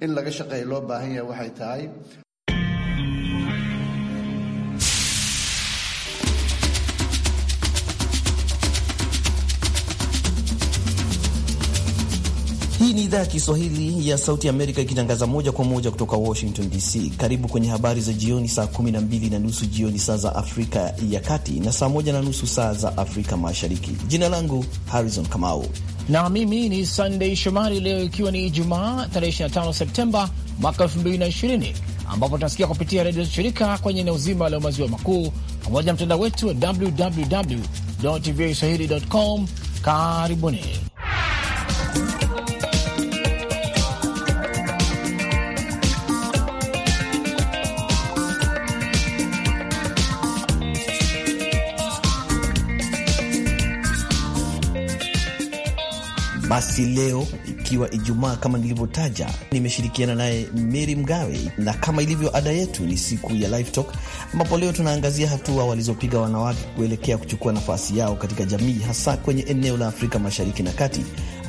in laga shaqeeyo loo baahan yahay waxay tahay Hii ni idhaa ya Kiswahili ya Sauti Amerika ikitangaza moja kwa moja kutoka Washington DC. Karibu kwenye habari za jioni, saa 12 na nusu jioni saa za Afrika ya Kati na saa 1 na nusu saa za Afrika Mashariki. Jina langu Harrison Kamau na mimi ni Sunday Shomari. Leo ikiwa ni Ijumaa tarehe 25 Septemba mwaka 2020 ambapo tunasikia kupitia redio shirika kwenye eneo zima la maziwa makuu pamoja na mtandao wetu wa www voaswahili.com. Karibuni. Basi leo ikiwa Ijumaa, kama nilivyotaja, nimeshirikiana naye Meri Mgawe, na kama ilivyo ada yetu ni siku ya Live Talk, ambapo leo tunaangazia hatua walizopiga wanawake kuelekea kuchukua nafasi yao katika jamii, hasa kwenye eneo la Afrika Mashariki na Kati,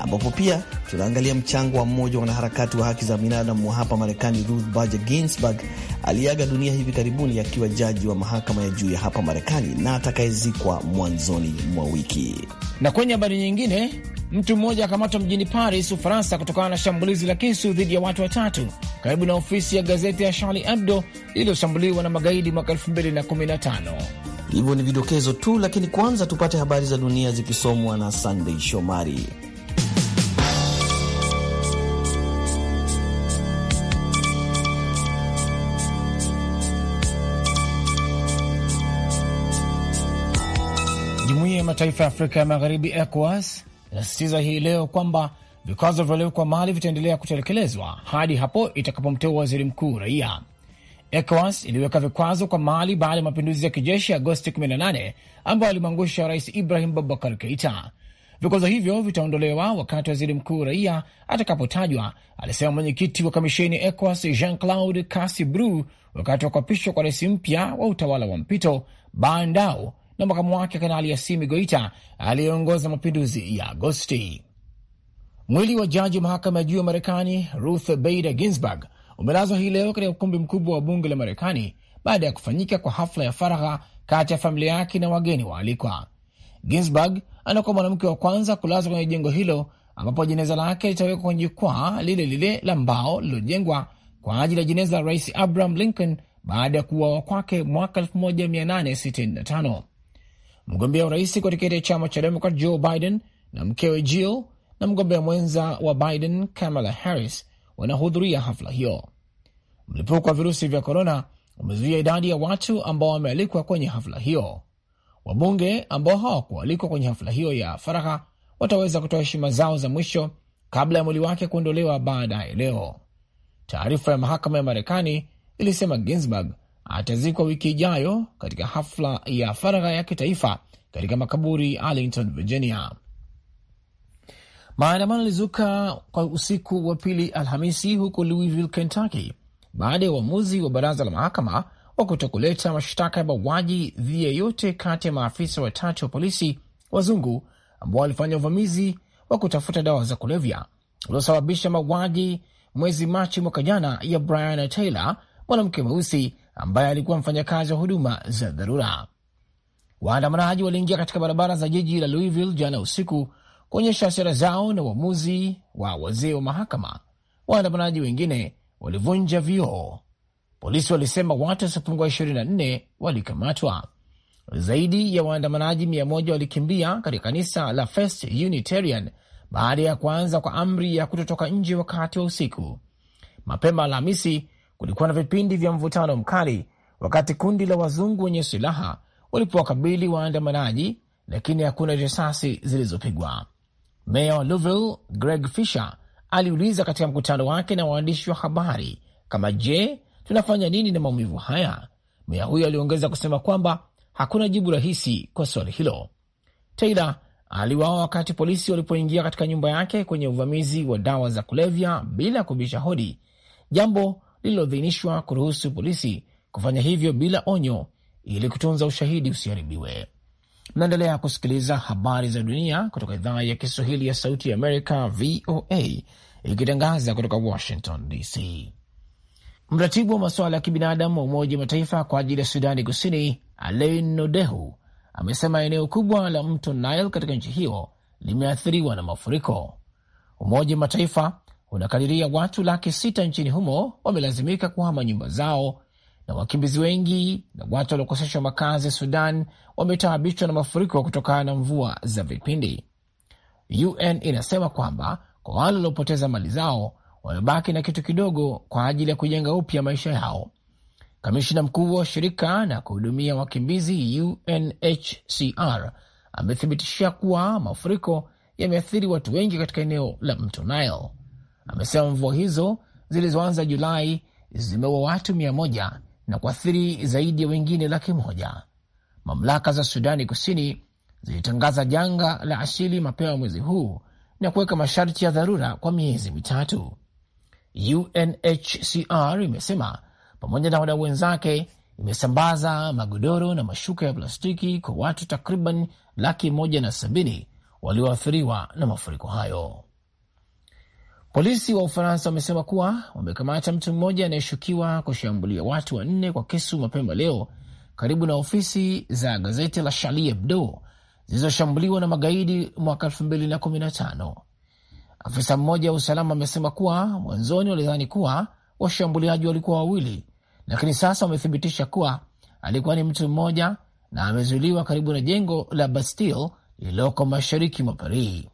ambapo pia tunaangalia mchango wa mmoja wa wanaharakati wa haki za binadamu wa hapa Marekani, Ruth Bader Ginsburg aliyeaga dunia hivi karibuni akiwa jaji wa mahakama ya juu ya hapa Marekani na atakayezikwa mwanzoni mwa wiki. Na kwenye habari nyingine, mtu mmoja akamatwa mjini Paris, Ufaransa, kutokana na shambulizi la kisu dhidi ya watu watatu karibu na ofisi ya gazeti ya Charlie Hebdo iliyoshambuliwa na magaidi mwaka 2015. Hivyo ni vidokezo tu, lakini kwanza tupate habari za dunia zikisomwa na Sandey Shomari. Jumuiya ya Mataifa ya Afrika ya Magharibi, ECOWAS, inasisitiza hii leo kwamba vikwazo vyaliokwa mali vitaendelea kutekelezwa hadi hapo itakapomteua waziri mkuu raia. ECOWAS iliweka vikwazo kwa Mali baada ya mapinduzi ya kijeshi Agosti 18 ambayo alimwangusha Rais Ibrahim Babakar Keita. Vikwazo hivyo vitaondolewa wakati waziri mkuu raia atakapotajwa, alisema mwenyekiti wa kamisheni ECOWAS Jean Claude Cassi Bru wakati wa kuapishwa kwa rais mpya wa utawala wa mpito Bandao na makamu wake Kanali Assimi Goita aliyeongoza mapinduzi ya Agosti. Mwili wa jaji wa mahakama ya juu ya Marekani Ruth Bader Ginsburg umelazwa hii leo katika ukumbi mkubwa wa bunge la Marekani baada ya kufanyika kwa hafla ya faragha kati ya familia yake na wageni waalikwa. Ginsburg anakuwa mwanamke wa kwanza kulazwa kwenye jengo hilo ambapo jeneza lake litawekwa kwenye jukwaa lile lile la mbao lililojengwa kwa ajili ya jeneza la Rais Abraham Lincoln baada ya kuuawa kwake mwaka 1865 mgombea urais kwa tiketi ya chama cha Demokrat Joe Biden na mkewe Jill na mgombea mwenza wa Biden Kamala Harris wanahudhuria hafla hiyo. Mlipuko wa virusi vya korona umezuia idadi ya watu ambao wamealikwa kwenye hafla hiyo. Wabunge ambao hawakualikwa kwenye hafla hiyo ya faragha wataweza kutoa heshima zao za mwisho kabla ya mwili wake kuondolewa baadaye leo. Taarifa ya mahakama ya Marekani ilisema Ginsburg atazikwa wiki ijayo katika hafla ya faragha ya kitaifa katika makaburi Arlington, Virginia. Maandamano yalizuka kwa usiku wa pili Alhamisi huko Louisville, Kentucky, baada ya uamuzi wa baraza la mahakama wa kutokuleta mashtaka ya mauaji dhidi ya yeyote kati ya maafisa watatu wa polisi wazungu ambao walifanya uvamizi wa kutafuta dawa za kulevya uliosababisha mauaji mwezi Machi mwaka jana ya Brian Taylor, mwanamke mweusi ambaye alikuwa mfanyakazi wa huduma za dharura. Waandamanaji waliingia katika barabara za jiji la Louisville jana usiku kuonyesha hasira zao na uamuzi wa wazee wa mahakama. Waandamanaji wengine walivunja vioo. Polisi walisema watu wasiopungua 24 walikamatwa. Zaidi ya waandamanaji 100 walikimbia katika kanisa la First Unitarian baada ya kuanza kwa amri ya kutotoka nje wakati wa usiku. Mapema Alhamisi, kulikuwa na vipindi vya mvutano mkali wakati kundi la wazungu wenye silaha walipowakabili waandamanaji, lakini hakuna risasi zilizopigwa. Meya wa Louisville Greg Fisher aliuliza katika mkutano wake na waandishi wa habari kama, je, tunafanya nini na maumivu haya? Meya huyo aliongeza kusema kwamba hakuna jibu rahisi kwa swali hilo. Taylor aliwawa wakati polisi walipoingia katika nyumba yake kwenye uvamizi wa dawa za kulevya bila kubisha hodi, jambo lililoidhinishwa kuruhusu polisi kufanya hivyo bila onyo ili kutunza ushahidi usiharibiwe. Mnaendelea kusikiliza habari za dunia kutoka idhaa ya Kiswahili ya Sauti ya Amerika, VOA, ikitangaza kutoka Washington DC. Mratibu wa masuala ya kibinadamu wa Umoja wa Mataifa kwa ajili ya Sudani Kusini, Alain Nodehu, amesema eneo kubwa la mto Nile katika nchi hiyo limeathiriwa na mafuriko. Umoja wa Mataifa unakadiria watu laki sita nchini humo wamelazimika kuhama nyumba zao, na wakimbizi wengi na watu waliokoseshwa makazi Sudan wametaabishwa na mafuriko kutokana na mvua za vipindi. UN inasema kwamba kwa wale waliopoteza mali zao wamebaki na kitu kidogo kwa ajili ya kujenga upya maisha yao. Kamishina mkuu wa shirika na kuhudumia wakimbizi UNHCR amethibitishia kuwa mafuriko yameathiri watu wengi katika eneo la mto Nile amesema mvua hizo zilizoanza Julai zimeua watu mia moja na kuathiri zaidi ya wengine laki moja. Mamlaka za Sudani Kusini zilitangaza janga la asili mapema mwezi huu na kuweka masharti ya dharura kwa miezi mitatu. UNHCR imesema pamoja na wadau wenzake imesambaza magodoro na mashuka ya plastiki kwa watu takriban laki moja na sabini walioathiriwa na mafuriko hayo. Polisi wa Ufaransa wamesema kuwa wamekamata mtu mmoja anayeshukiwa kushambulia watu wanne kwa kisu mapema leo karibu na ofisi za gazeti la Charlie Hebdo zilizoshambuliwa na magaidi mwaka 2015. Afisa mmoja wa usalama amesema kuwa mwanzoni walidhani kuwa washambuliaji walikuwa wawili, lakini sasa wamethibitisha kuwa alikuwa ni mtu mmoja na amezuiliwa karibu na jengo la Bastille lililoko mashariki mwa Paris.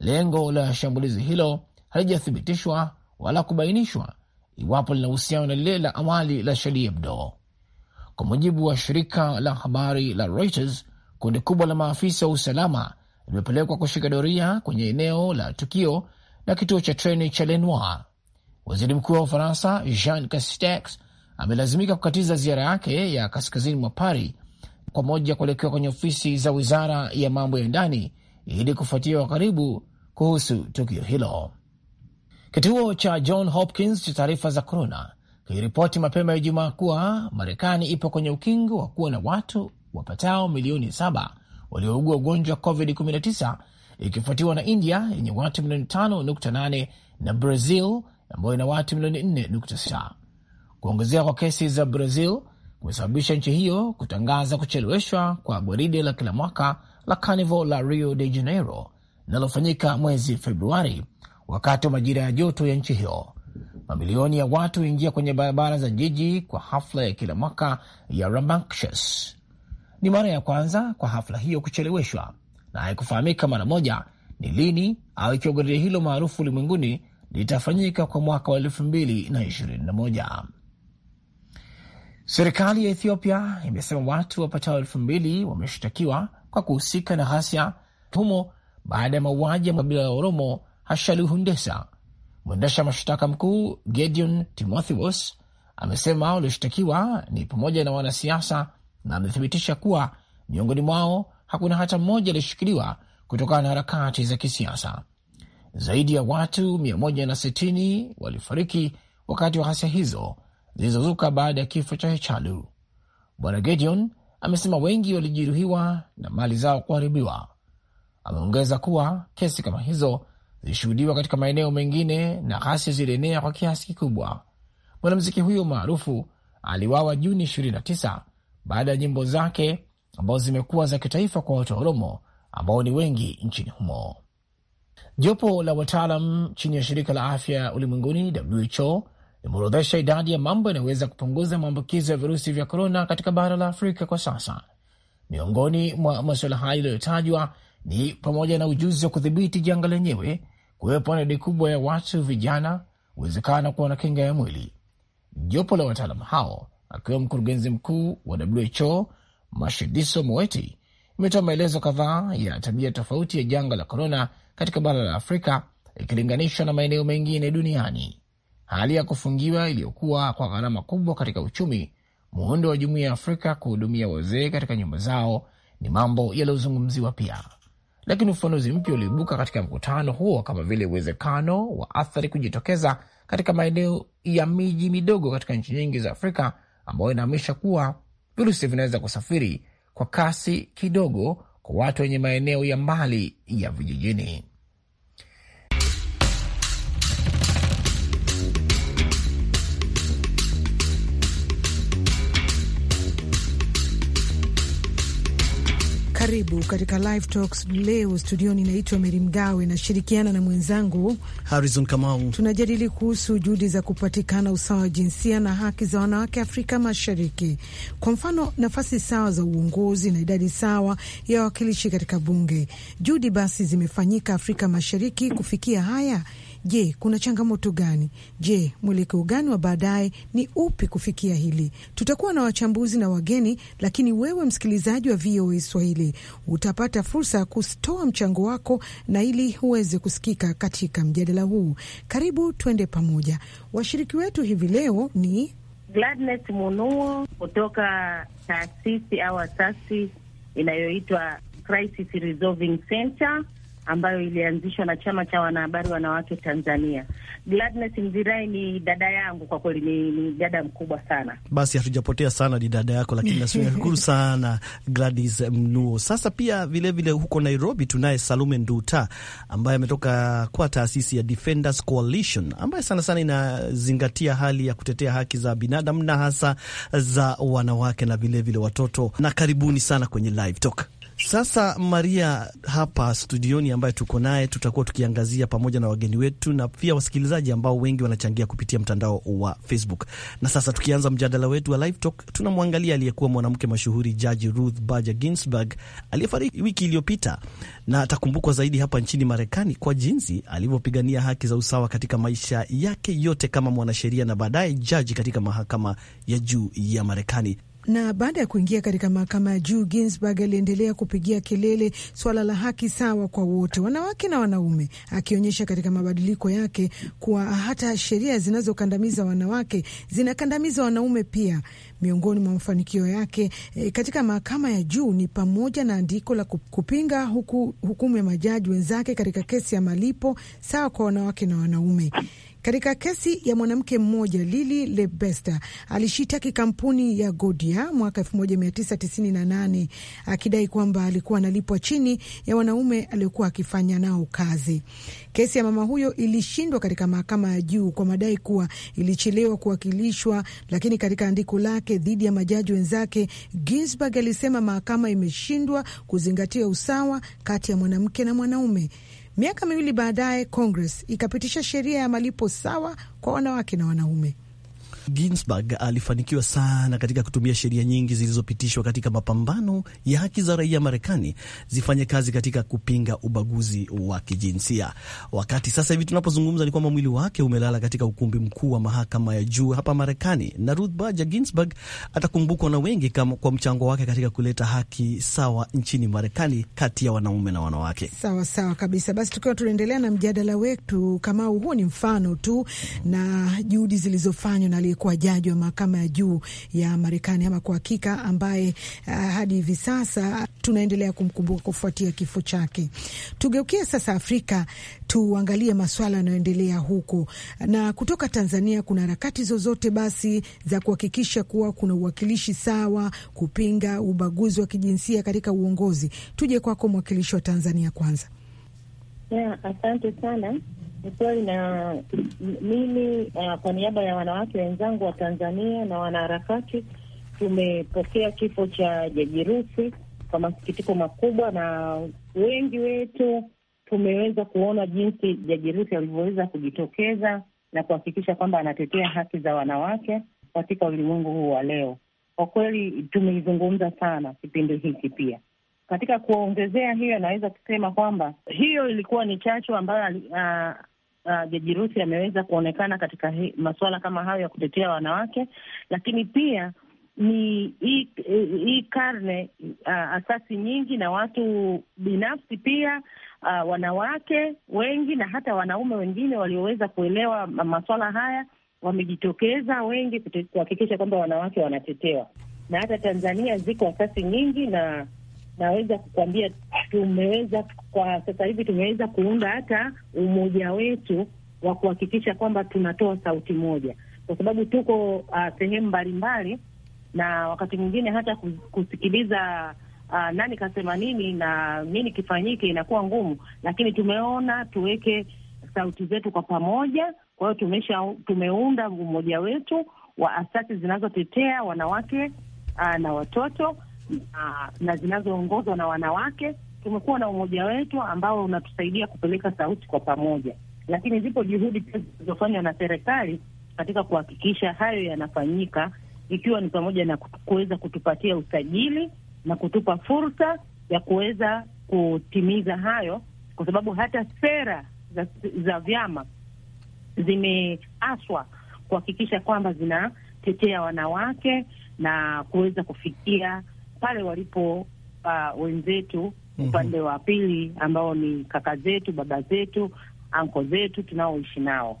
Lengo la shambulizi hilo halijathibitishwa wala kubainishwa iwapo lina uhusiano na lile la awali la Charlie Hebdo. Kwa mujibu wa shirika la habari la Reuters, kundi kubwa la maafisa wa usalama limepelekwa kushika doria kwenye eneo la tukio na kituo cha treni cha Lenoir. Waziri mkuu wa Ufaransa Jean Castex amelazimika kukatiza ziara yake ya kaskazini mwa Paris kwa moja kuelekewa kwenye ofisi za wizara ya mambo ya ndani ili kufuatia kwa karibu kuhusu tukio hilo. Kituo cha John Hopkins cha taarifa za corona kiliripoti mapema ya Ijumaa kuwa Marekani ipo kwenye ukingo wa kuwa na watu wapatao milioni saba waliougua ugonjwa wa COVID-19 ikifuatiwa na India yenye watu milioni 5.8 na Brazil ambayo ina watu milioni 4.6. Kuongezea kwa kesi za Brazil kumesababisha nchi hiyo kutangaza kucheleweshwa kwa gwaride la kila mwaka la Carnival la Rio de Janeiro linalofanyika mwezi Februari, wakati wa majira ya joto ya nchi hiyo. Mamilioni ya watu huingia kwenye barabara za jiji kwa hafla ya kila mwaka ya Rambunctious. Ni mara ya kwanza kwa hafla hiyo kucheleweshwa na haikufahamika mara moja ni lini au ikiwa gwaride hilo maarufu ulimwenguni litafanyika kwa mwaka wa elfu mbili na ishirini na moja. Serikali ya Ethiopia imesema watu wapatao elfu mbili wameshtakiwa kwa kuhusika na ghasia humo baada ya mauaji ya makabila ya Oromo Hashalu Hundesa. Mwendesha mashtaka mkuu Gedion Timotheus amesema walioshtakiwa ni pamoja na wanasiasa na amethibitisha kuwa miongoni mwao hakuna hata mmoja aliyeshikiliwa kutokana na harakati za kisiasa. Zaidi ya watu 160 walifariki wakati wa ghasia hizo zilizozuka baada ya kifo cha Hechalu. Bwana Gedion amesema wengi walijeruhiwa na mali zao kuharibiwa. Ameongeza kuwa kesi kama hizo zilishuhudiwa katika maeneo mengine na ghasia zilienea kwa kiasi kikubwa. Mwanamuziki huyo maarufu aliwawa Juni 29 baada ya nyimbo zake ambazo zimekuwa za kitaifa kwa watu wa Oromo ambao ni wengi nchini humo. Jopo la wataalam chini ya shirika la afya ulimwenguni WHO limeorodhesha idadi ya mambo yanayoweza kupunguza maambukizo ya virusi vya korona katika bara la Afrika kwa sasa. Miongoni mwa masuala hayo yaliyotajwa ni pamoja na ujuzi wa kudhibiti janga lenyewe, kuwepo na idadi kubwa ya watu vijana, uwezekano kuwa na kinga ya mwili. Jopo la wataalamu hao akiwemo mkurugenzi mkuu wa WHO Mashidiso Moeti imetoa maelezo kadhaa ya tabia tofauti ya janga la korona katika bara la Afrika ikilinganishwa na maeneo mengine duniani. Hali ya kufungiwa iliyokuwa kwa gharama kubwa katika uchumi, muundo wa jumuiya ya Afrika kuhudumia wazee katika nyumba zao ni mambo yaliyozungumziwa pia lakini ufafanuzi mpya uliibuka katika mkutano huo, kama vile uwezekano wa athari kujitokeza katika maeneo ya miji midogo katika nchi nyingi za Afrika, ambayo inaamisha kuwa virusi vinaweza kusafiri kwa kasi kidogo kwa watu wenye maeneo ya mbali ya vijijini. Karibu katika Live Talks leo. Studioni inaitwa Meri Mgawe, nashirikiana na mwenzangu Harrison Kamau. Tunajadili kuhusu juhudi za kupatikana usawa wa jinsia na haki za wanawake Afrika Mashariki, kwa mfano nafasi sawa za uongozi na idadi sawa ya wawakilishi katika bunge. Juhudi basi zimefanyika Afrika Mashariki kufikia haya. Je, kuna changamoto gani? Je, mwelekeo gani wa baadaye ni upi kufikia hili? Tutakuwa na wachambuzi na wageni, lakini wewe msikilizaji wa VOA Swahili utapata fursa ya kutoa mchango wako na ili uweze kusikika katika mjadala huu. Karibu tuende pamoja. Washiriki wetu hivi leo ni Gladness Munuo kutoka taasisi au asasi inayoitwa Crisis Resolving Center ambayo ilianzishwa na chama cha wanahabari wanawake Tanzania. Gladness Mzirai ni dada yangu kwa kweli, ni, ni dada mkubwa sana. Basi hatujapotea sana, ni dada yako, lakini nashukuru sana Gladys Mnuo. Sasa pia vilevile vile huko Nairobi tunaye Salume Nduta ambaye ametoka kwa taasisi ya Defenders Coalition ambaye sana sana inazingatia hali ya kutetea haki za binadamu na hasa za wanawake na vilevile vile watoto. Na karibuni sana kwenye Live Talk. Sasa Maria hapa studioni ambaye tuko naye, tutakuwa tukiangazia pamoja na wageni wetu na pia wasikilizaji ambao wengi wanachangia kupitia mtandao wa Facebook. Na sasa tukianza mjadala wetu wa Live Talk, tunamwangalia aliyekuwa mwanamke mashuhuri Jaji Ruth Bader Ginsburg aliyefariki wiki iliyopita, na atakumbukwa zaidi hapa nchini Marekani kwa jinsi alivyopigania haki za usawa katika maisha yake yote kama mwanasheria na baadaye jaji katika mahakama ya juu ya Marekani. Na baada ya kuingia katika mahakama ya juu, Ginsburg aliendelea kupigia kelele swala la haki sawa kwa wote, wanawake na wanaume, akionyesha katika mabadiliko yake kuwa hata sheria zinazokandamiza wanawake zinakandamiza wanaume pia. Miongoni mwa mafanikio yake e, katika mahakama ya juu ni pamoja na andiko la kupinga huku, hukumu ya majaji wenzake katika kesi ya malipo sawa kwa wanawake na wanaume. Katika kesi ya mwanamke mmoja, Lili Lebesta alishitaki kampuni ya Godia mwaka 1998 akidai kwamba alikuwa analipwa chini ya wanaume aliokuwa akifanya nao kazi. Kesi ya mama huyo ilishindwa katika mahakama ya juu kwa madai kuwa ilichelewa kuwakilishwa, lakini katika andiko lake dhidi ya majaji wenzake, Ginsburg alisema mahakama imeshindwa kuzingatia usawa kati ya mwanamke na mwanaume Miaka miwili baadaye Congress ikapitisha sheria ya malipo sawa kwa wanawake na wanaume. Ginsburg alifanikiwa sana katika kutumia sheria nyingi zilizopitishwa katika mapambano ya haki za raia Marekani zifanye kazi katika kupinga ubaguzi wa kijinsia. Wakati sasa hivi tunapozungumza, ni kwamba mwili wake umelala katika ukumbi mkuu wa mahakama ya juu hapa Marekani, na Ruth Bader Ginsburg atakumbukwa na wengi kama kwa mchango wake katika kuleta haki sawa nchini Marekani kati ya wanaume na wanawake. Sawa sawa kabisa. Basi tukiwa tunaendelea na mjadala wetu, kama huu ni mfano tu na juhudi zilizofanywa na alikuwa jaji wa mahakama ya juu ya Marekani ama kwa hakika, ambaye uh, hadi hivi sasa tunaendelea kumkumbuka kufuatia kifo chake. tugeukia sasa Afrika, tuangalie maswala yanayoendelea huko na kutoka Tanzania. Kuna harakati zozote basi za kuhakikisha kuwa kuna uwakilishi sawa kupinga ubaguzi wa kijinsia katika uongozi? Tuje kwako mwakilishi wa Tanzania kwanza. Yeah, asante sana ni kweli, na mimi uh, kwa niaba ya wanawake wenzangu wa Tanzania na wanaharakati tumepokea kifo cha Jaji Rusi kwa masikitiko makubwa, na wengi wetu tumeweza kuona jinsi Jaji Rusi alivyoweza kujitokeza na kuhakikisha kwamba anatetea haki za wanawake katika ulimwengu huu wa leo. Kwa kweli tumeizungumza sana kipindi hiki pia katika kuongezea hiyo, anaweza kusema kwamba hiyo ilikuwa ni chachu ambayo uh, uh, jaji Rusi ameweza kuonekana katika masuala kama hayo ya kutetea wanawake, lakini pia ni hii karne uh, asasi nyingi na watu binafsi pia uh, wanawake wengi na hata wanaume wengine walioweza kuelewa masuala haya wamejitokeza wengi kuhakikisha kwamba wanawake wanatetewa, na hata Tanzania ziko asasi nyingi na naweza kukwambia tumeweza kwa sasa hivi tumeweza kuunda hata umoja wetu wa kuhakikisha kwamba tunatoa sauti moja, kwa sababu tuko uh, sehemu mbalimbali, na wakati mwingine hata kusikiliza uh, nani kasema nini na nini kifanyike inakuwa ngumu, lakini tumeona tuweke sauti zetu kwa pamoja. Kwa hiyo tumesha tumeunda umoja wetu wa asasi zinazotetea wanawake uh, na watoto na, na zinazoongozwa na wanawake. Tumekuwa na umoja wetu ambao unatusaidia kupeleka sauti kwa pamoja, lakini zipo juhudi pia zilizofanywa na serikali katika kuhakikisha hayo yanafanyika, ikiwa ni pamoja na kuweza kutupatia usajili na kutupa fursa ya kuweza kutimiza hayo, kwa sababu hata sera za, za vyama zimeaswa kuhakikisha kwamba zinatetea wanawake na kuweza kufikia pale walipo uh, wenzetu mhm. upande mm -hmm. wa pili ambao ni kaka zetu, baba zetu, anko zetu tunaoishi nao.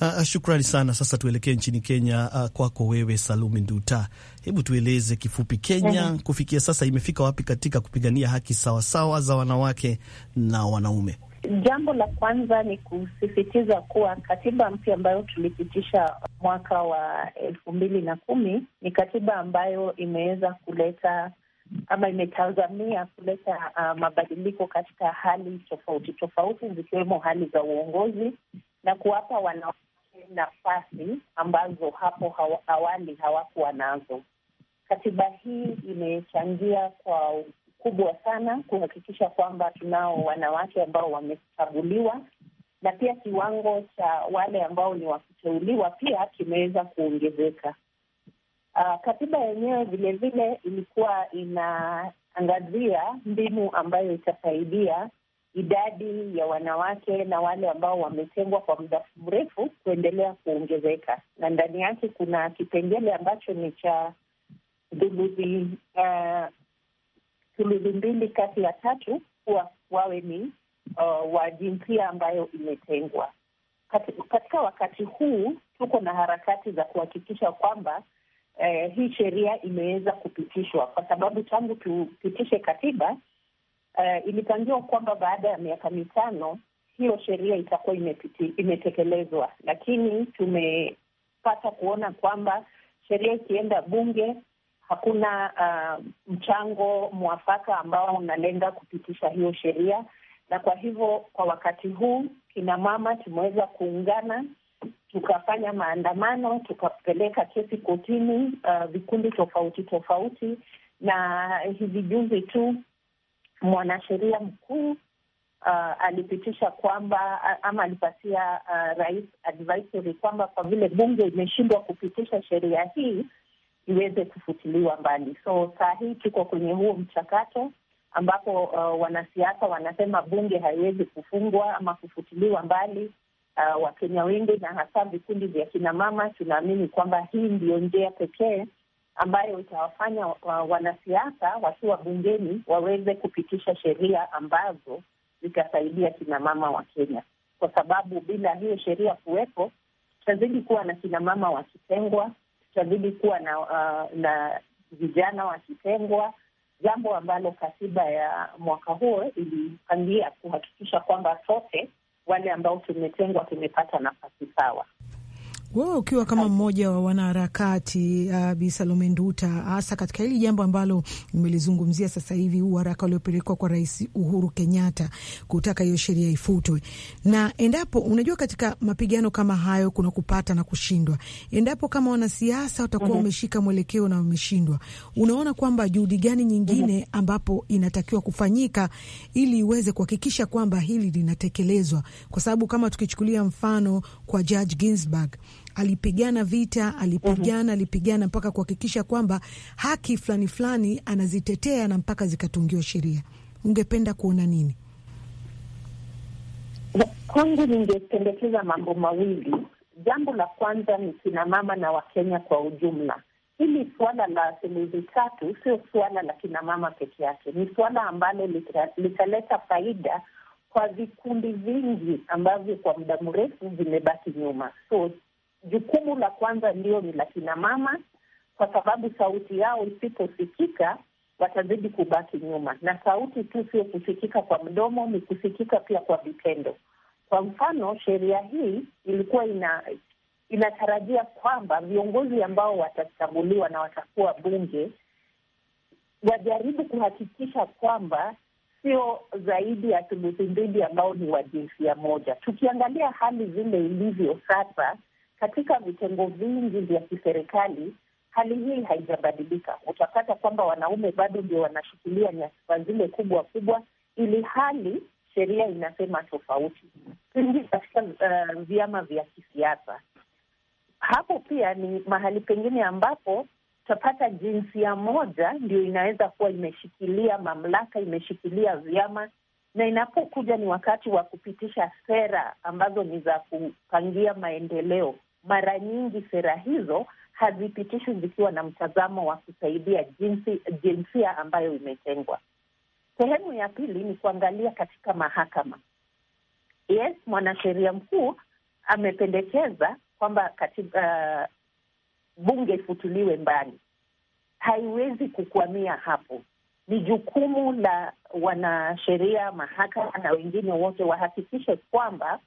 Uh, shukrani sana. Sasa tuelekee nchini Kenya. Uh, kwako wewe Salumi Nduta, hebu tueleze kifupi Kenya mhm. kufikia sasa imefika wapi katika kupigania haki sawasawa za wanawake na wanaume? Jambo la kwanza ni kusisitiza kuwa katiba mpya ambayo tulipitisha mwaka wa elfu mbili na kumi ni katiba ambayo imeweza kuleta ama imetazamia kuleta uh, mabadiliko katika hali tofauti tofauti zikiwemo hali za uongozi na kuwapa wanawake nafasi ambazo hapo hawa, awali hawakuwa nazo. Katiba hii imechangia kwa kubwa sana kuhakikisha kwamba tunao wanawake ambao wamechaguliwa na pia kiwango cha wale ambao ni wakuteuliwa pia kimeweza kuongezeka. Uh, katiba yenyewe vilevile ilikuwa inaangazia mbinu ambayo itasaidia idadi ya wanawake na wale ambao wametengwa kwa muda mrefu kuendelea kuongezeka, na ndani yake kuna kipengele ambacho ni cha thuluthi uh, thuluthi mbili kati ya tatu kuwa wawe ni uh, wa jinsia ambayo imetengwa. Katika wakati huu tuko na harakati za kuhakikisha kwamba eh, hii sheria imeweza kupitishwa, kwa sababu tangu tupitishe katiba eh, ilipangiwa kwamba baada ya miaka mitano hiyo sheria itakuwa imetekelezwa, lakini tumepata kuona kwamba sheria ikienda bunge hakuna uh, mchango mwafaka ambao unalenga kupitisha hiyo sheria, na kwa hivyo kwa wakati huu kina mama tumeweza kuungana tukafanya maandamano tukapeleka kesi kotini, uh, vikundi tofauti tofauti, na hivi juzi tu mwanasheria mkuu uh, alipitisha kwamba uh, ama alipatia uh, rais advisory kwamba kwa vile bunge imeshindwa kupitisha sheria hii iweze kufutiliwa mbali. So saa hii tuko kwenye huo mchakato ambapo uh, wanasiasa wanasema bunge haiwezi kufungwa ama kufutiliwa mbali. Uh, Wakenya wengi na hasa vikundi vya kinamama tunaamini kwamba hii ndiyo njia pekee ambayo itawafanya uh, wanasiasa wakiwa bungeni waweze kupitisha sheria ambazo zitasaidia kinamama wa Kenya, kwa sababu bila hiyo sheria kuwepo tutazidi kuwa na kinamama wakitengwa, tutazidi kuwa na uh, na vijana wakitengwa, jambo ambalo katiba ya mwaka huo ilipangia kuhakikisha kwamba sote wale ambao tumetengwa tumepata nafasi sawa wewe ukiwa kama mmoja wa wanaharakati uh, Bi Salome Nduta, hasa katika hili jambo ambalo umelizungumzia sasa hivi, huu waraka uliopelekwa kwa Rais Uhuru Kenyatta kutaka hiyo sheria ifutwe, na endapo unajua, katika mapigano kama hayo kuna kupata na kushindwa. Endapo kama wanasiasa watakuwa mhm. wameshika mm -hmm. mwelekeo na wameshindwa, unaona kwamba juhudi gani nyingine mhm. ambapo inatakiwa kufanyika ili iweze kuhakikisha kwamba hili linatekelezwa, kwa sababu kama tukichukulia mfano kwa Judge Ginsburg alipigana vita, alipigana mm -hmm. alipigana mpaka kuhakikisha kwamba haki fulani fulani anazitetea na mpaka zikatungiwa sheria. Ungependa kuona nini? Kwangu ningependekeza mambo mawili. Jambo la kwanza ni kina mama na Wakenya kwa ujumla. Hili suala la theluthi tatu sio suala la kina mama peke yake, ni suala ambalo litaleta faida kwa vikundi vingi ambavyo kwa muda mrefu vimebaki nyuma. So jukumu la kwanza ndio ni la kina mama, kwa sababu sauti yao isiposikika watazidi kubaki nyuma. Na sauti tu sio kusikika kwa mdomo, ni kusikika pia kwa vitendo. Kwa mfano, sheria hii ilikuwa ina inatarajia kwamba viongozi ambao watachaguliwa na watakuwa bunge wajaribu kuhakikisha kwamba sio zaidi ya thuluthi mbili ambao ni wa jinsia moja. Tukiangalia hali zile ilivyo sasa, katika vitengo vingi vya kiserikali hali hii haijabadilika. Utapata kwamba wanaume bado ndio wanashikilia nyadhifa zile kubwa kubwa, ili hali sheria inasema tofauti, ingi katika uh, vyama vya kisiasa. Hapo pia ni mahali pengine ambapo utapata jinsia moja ndio inaweza kuwa imeshikilia mamlaka, imeshikilia vyama, na inapokuja ni wakati wa kupitisha sera ambazo ni za kupangia maendeleo mara nyingi sera hizo hazipitishwi zikiwa na mtazamo wa kusaidia jinsi jinsia ambayo imetengwa. Sehemu ya pili ni kuangalia katika mahakama. Yes, mwanasheria mkuu amependekeza kwamba uh, bunge ifutuliwe mbali. Haiwezi kukwamia hapo. Ni jukumu la wanasheria, mahakama na wengine wote wahakikishe kwamba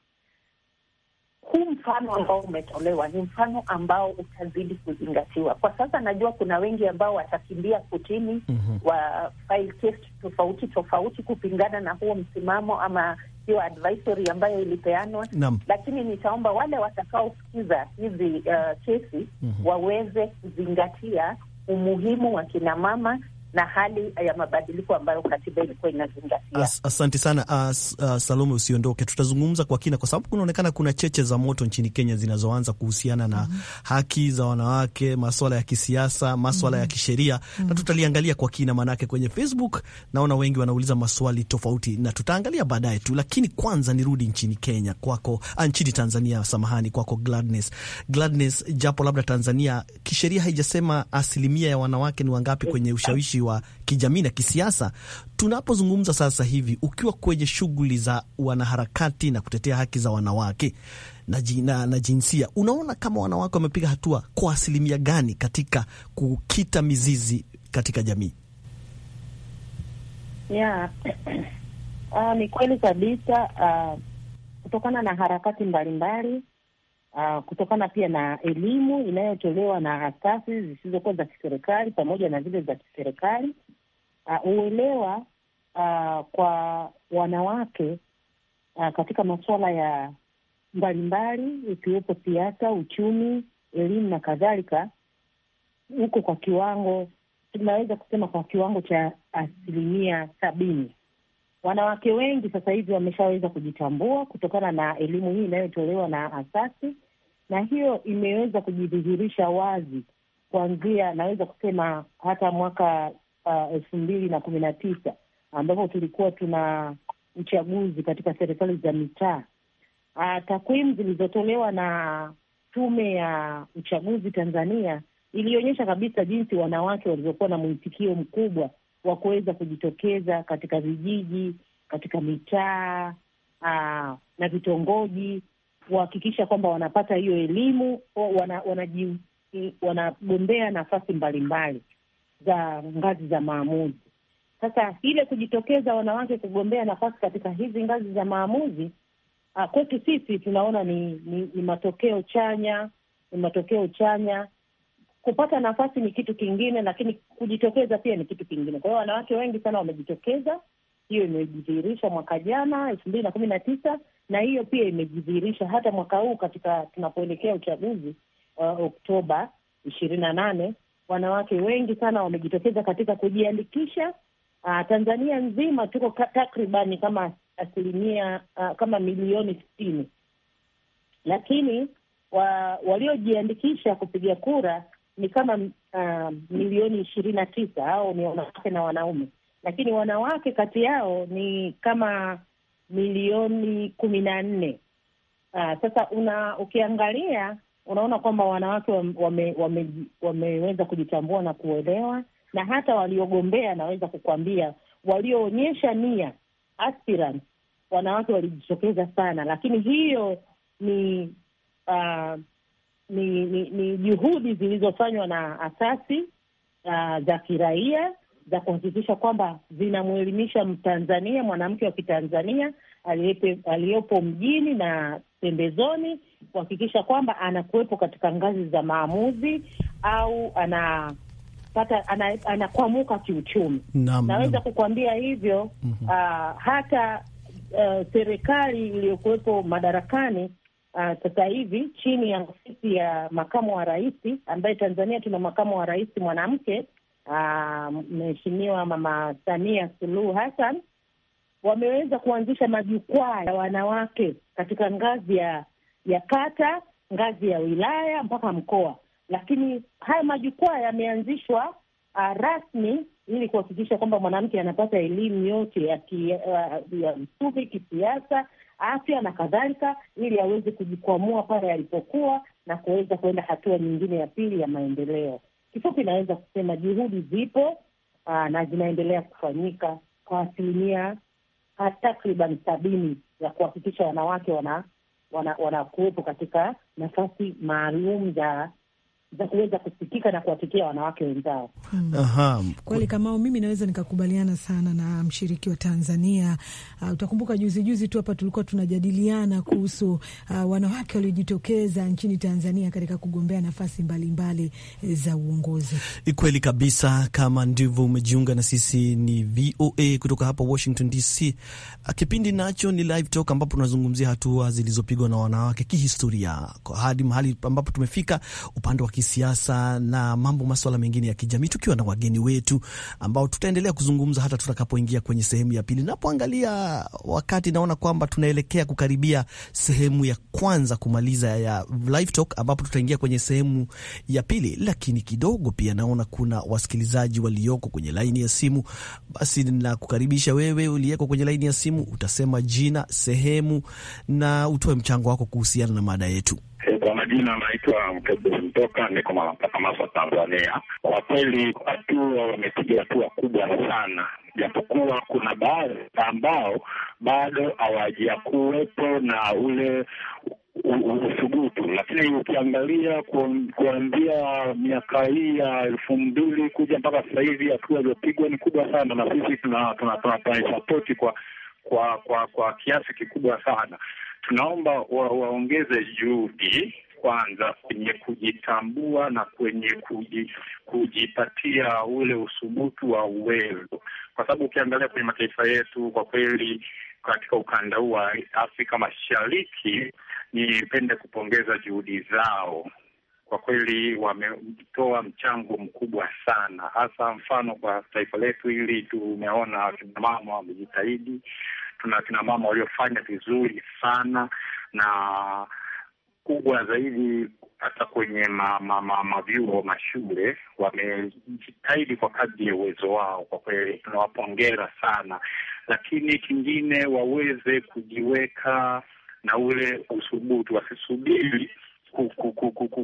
huu mfano ambao umetolewa ni mfano ambao utazidi kuzingatiwa. Kwa sasa najua kuna wengi ambao watakimbia kutini, mm -hmm. wa file case tofauti tofauti kupingana na huo msimamo ama hiyo advisory ambayo ilipeanwa, lakini nitaomba wale watakaosikiza hizi uh, kesi mm -hmm. waweze kuzingatia umuhimu wa kinamama na hali ya mabadiliko ambayo katiba ilikuwa inazingatia. As, asante sana as, uh, Salome, usiondoke, tutazungumza kwa kina kwa sababu kunaonekana kuna cheche za moto nchini Kenya zinazoanza kuhusiana na mm -hmm. haki za wanawake, maswala ya kisiasa, maswala mm -hmm. ya mm-hmm. kisheria mm -hmm. na mm-hmm. tutaliangalia kwa kina, maanake kwenye Facebook naona wengi wanauliza maswali tofauti na tutaangalia baadaye tu, lakini kwanza nirudi nchini Kenya kwako, ah, nchini Tanzania, samahani, kwako Gladness. Gladness, japo labda Tanzania kisheria haijasema asilimia ya wanawake ni wangapi kwenye eh, ushawishi wa kijamii na kisiasa. Tunapozungumza sasa hivi, ukiwa kwenye shughuli za wanaharakati na kutetea haki za wanawake na, jina, na jinsia, unaona kama wanawake wamepiga hatua kwa asilimia gani katika kukita mizizi katika jamii? Yeah. Uh, ni kweli kabisa uh, kutokana na harakati mbalimbali uh, kutokana pia na elimu inayotolewa na asasi zisizokuwa za kiserikali pamoja na zile za kiserikali, uh, uelewa uh, kwa wanawake uh, katika masuala ya mbalimbali ikiwepo siasa, uchumi, elimu na kadhalika, huko kwa kiwango tunaweza kusema kwa kiwango cha asilimia sabini. Wanawake wengi sasa hivi wameshaweza kujitambua kutokana na elimu hii inayotolewa na asasi na hiyo imeweza kujidhihirisha wazi kuanzia, naweza kusema hata mwaka uh, elfu uh, mbili na kumi na tisa ambapo tulikuwa tuna uchaguzi katika serikali za mitaa. Uh, takwimu zilizotolewa na Tume ya Uchaguzi Tanzania ilionyesha kabisa jinsi wanawake walivyokuwa na mwitikio mkubwa wa kuweza kujitokeza katika vijiji, katika mitaa uh, na vitongoji kuhakikisha kwamba wanapata hiyo elimu, wana, wana, wanagombea nafasi mbalimbali za ngazi za maamuzi. Sasa ile kujitokeza wanawake kugombea nafasi katika hizi ngazi za maamuzi ah, kwetu sisi tunaona ni, ni, ni matokeo chanya, ni matokeo chanya. Kupata nafasi ni kitu kingine, lakini kujitokeza pia ni kitu kingine. Kwa hiyo wanawake wengi sana wamejitokeza, hiyo imejidhihirisha mwaka jana elfu mbili na kumi na tisa na hiyo pia imejidhihirisha hata mwaka huu katika tunapoelekea uchaguzi wa uh, Oktoba ishirini na nane, wanawake wengi sana wamejitokeza katika kujiandikisha. Uh, Tanzania nzima tuko takribani kama asilimia uh, kama milioni sitini, lakini wa, waliojiandikisha kupiga kura ni kama uh, milioni ishirini na tisa. au ni wanawake na wanaume, lakini wanawake kati yao ni kama milioni kumi na nne. Uh, sasa una ukiangalia unaona kwamba wanawake wame, wame, wameweza kujitambua na kuelewa, na hata waliogombea, naweza kukwambia walioonyesha nia aspirant, wanawake walijitokeza sana, lakini hiyo ni uh, ni, ni, ni juhudi zilizofanywa na asasi uh, za kiraia za kuhakikisha kwamba zinamwelimisha Mtanzania, mwanamke wa Kitanzania aliyepo mjini na pembezoni, kuhakikisha kwamba anakuwepo katika ngazi za maamuzi au ana pata anakwamuka ana kiuchumi. Naweza kukuambia hivyo. mm -hmm. Uh, hata eh, serikali iliyokuwepo madarakani ah, sasa uh, hivi chini ya ofisi ya makamu wa rais, ambaye Tanzania tuna makamu wa rais mwanamke Ah, Mheshimiwa Mama Samia Suluhu Hassan wameweza kuanzisha majukwaa ya wanawake katika ngazi ya ya kata, ngazi ya wilaya mpaka mkoa. Lakini haya majukwaa yameanzishwa uh, rasmi ili kuhakikisha kwamba mwanamke anapata elimu yote ya kiuchumi, ah, uh, kisiasa, afya na kadhalika, ili aweze kujikwamua pale alipokuwa na kuweza kuenda hatua nyingine ya pili ya maendeleo. Kifupi naweza kusema juhudi zipo aa, ah, na zinaendelea kufanyika kwa asilimia ah, takriban sabini ya kuhakikisha wanawake wana wanakuwepo wana katika nafasi maalum za za kuweza kusikika na kuwatetea wanawake wenzao. Hmm. Kweli Kamao, mimi naweza nikakubaliana sana na mshiriki wa Tanzania. Uh, utakumbuka juzi juzi tu hapa tulikuwa tunajadiliana kuhusu uh, wanawake waliojitokeza nchini Tanzania katika kugombea nafasi mbalimbali mbali eh, za uongozi. Kweli kabisa, kama ndivyo umejiunga na sisi, ni VOA kutoka hapa Washington DC. Ah, kipindi nacho ni Live Talk ambapo tunazungumzia hatua zilizopigwa na wanawake kihistoria hadi mahali ambapo tumefika upande wa kisi kisiasa na mambo masuala mengine ya kijamii, tukiwa na wageni wetu ambao tutaendelea kuzungumza hata tutakapoingia kwenye sehemu ya pili. Napoangalia wakati, naona kwamba tunaelekea kukaribia sehemu ya kwanza kumaliza ya Live Talk, ambapo tutaingia kwenye sehemu ya pili, lakini kidogo pia naona kuna wasikilizaji walioko kwenye laini ya simu. Basi nakukaribisha wewe uliyeko kwenye laini ya simu, utasema jina, sehemu na utoe mchango wako kuhusiana na mada yetu. Eh, kwa majina anaitwa Mtebu Mtoka, niko Malapatamaswa, Tanzania. Kwa kweli watu wamepiga hatua kubwa sana, japokuwa kuna baadhi ambao bado hawajakuwepo na ule uthubutu, lakini ukiangalia kuanzia miaka hii ya elfu mbili kuja mpaka sasa hivi hatua iliyopigwa ni kubwa sana, na sisi tunaisapoti kwa kwa kwa kwa kiasi kikubwa sana tunaomba wa, waongeze juhudi kwanza kwenye kujitambua na kwenye kuji, kujipatia ule usubutu wa uwezo, kwa sababu ukiangalia kwenye mataifa yetu kwa kweli katika ukanda huu wa Afrika Mashariki, nipende kupongeza juhudi zao kwa kweli wametoa mchango mkubwa sana, hasa mfano kwa taifa letu hili. Tumeona wakinamama wamejitahidi, tuna kina mama waliofanya vizuri sana na kubwa zaidi hata kwenye mavyuo mashule wamejitahidi kwa kadri ya uwezo wao. Kwa kweli tunawapongera sana, lakini kingine waweze kujiweka na ule uthubutu, wasisubiri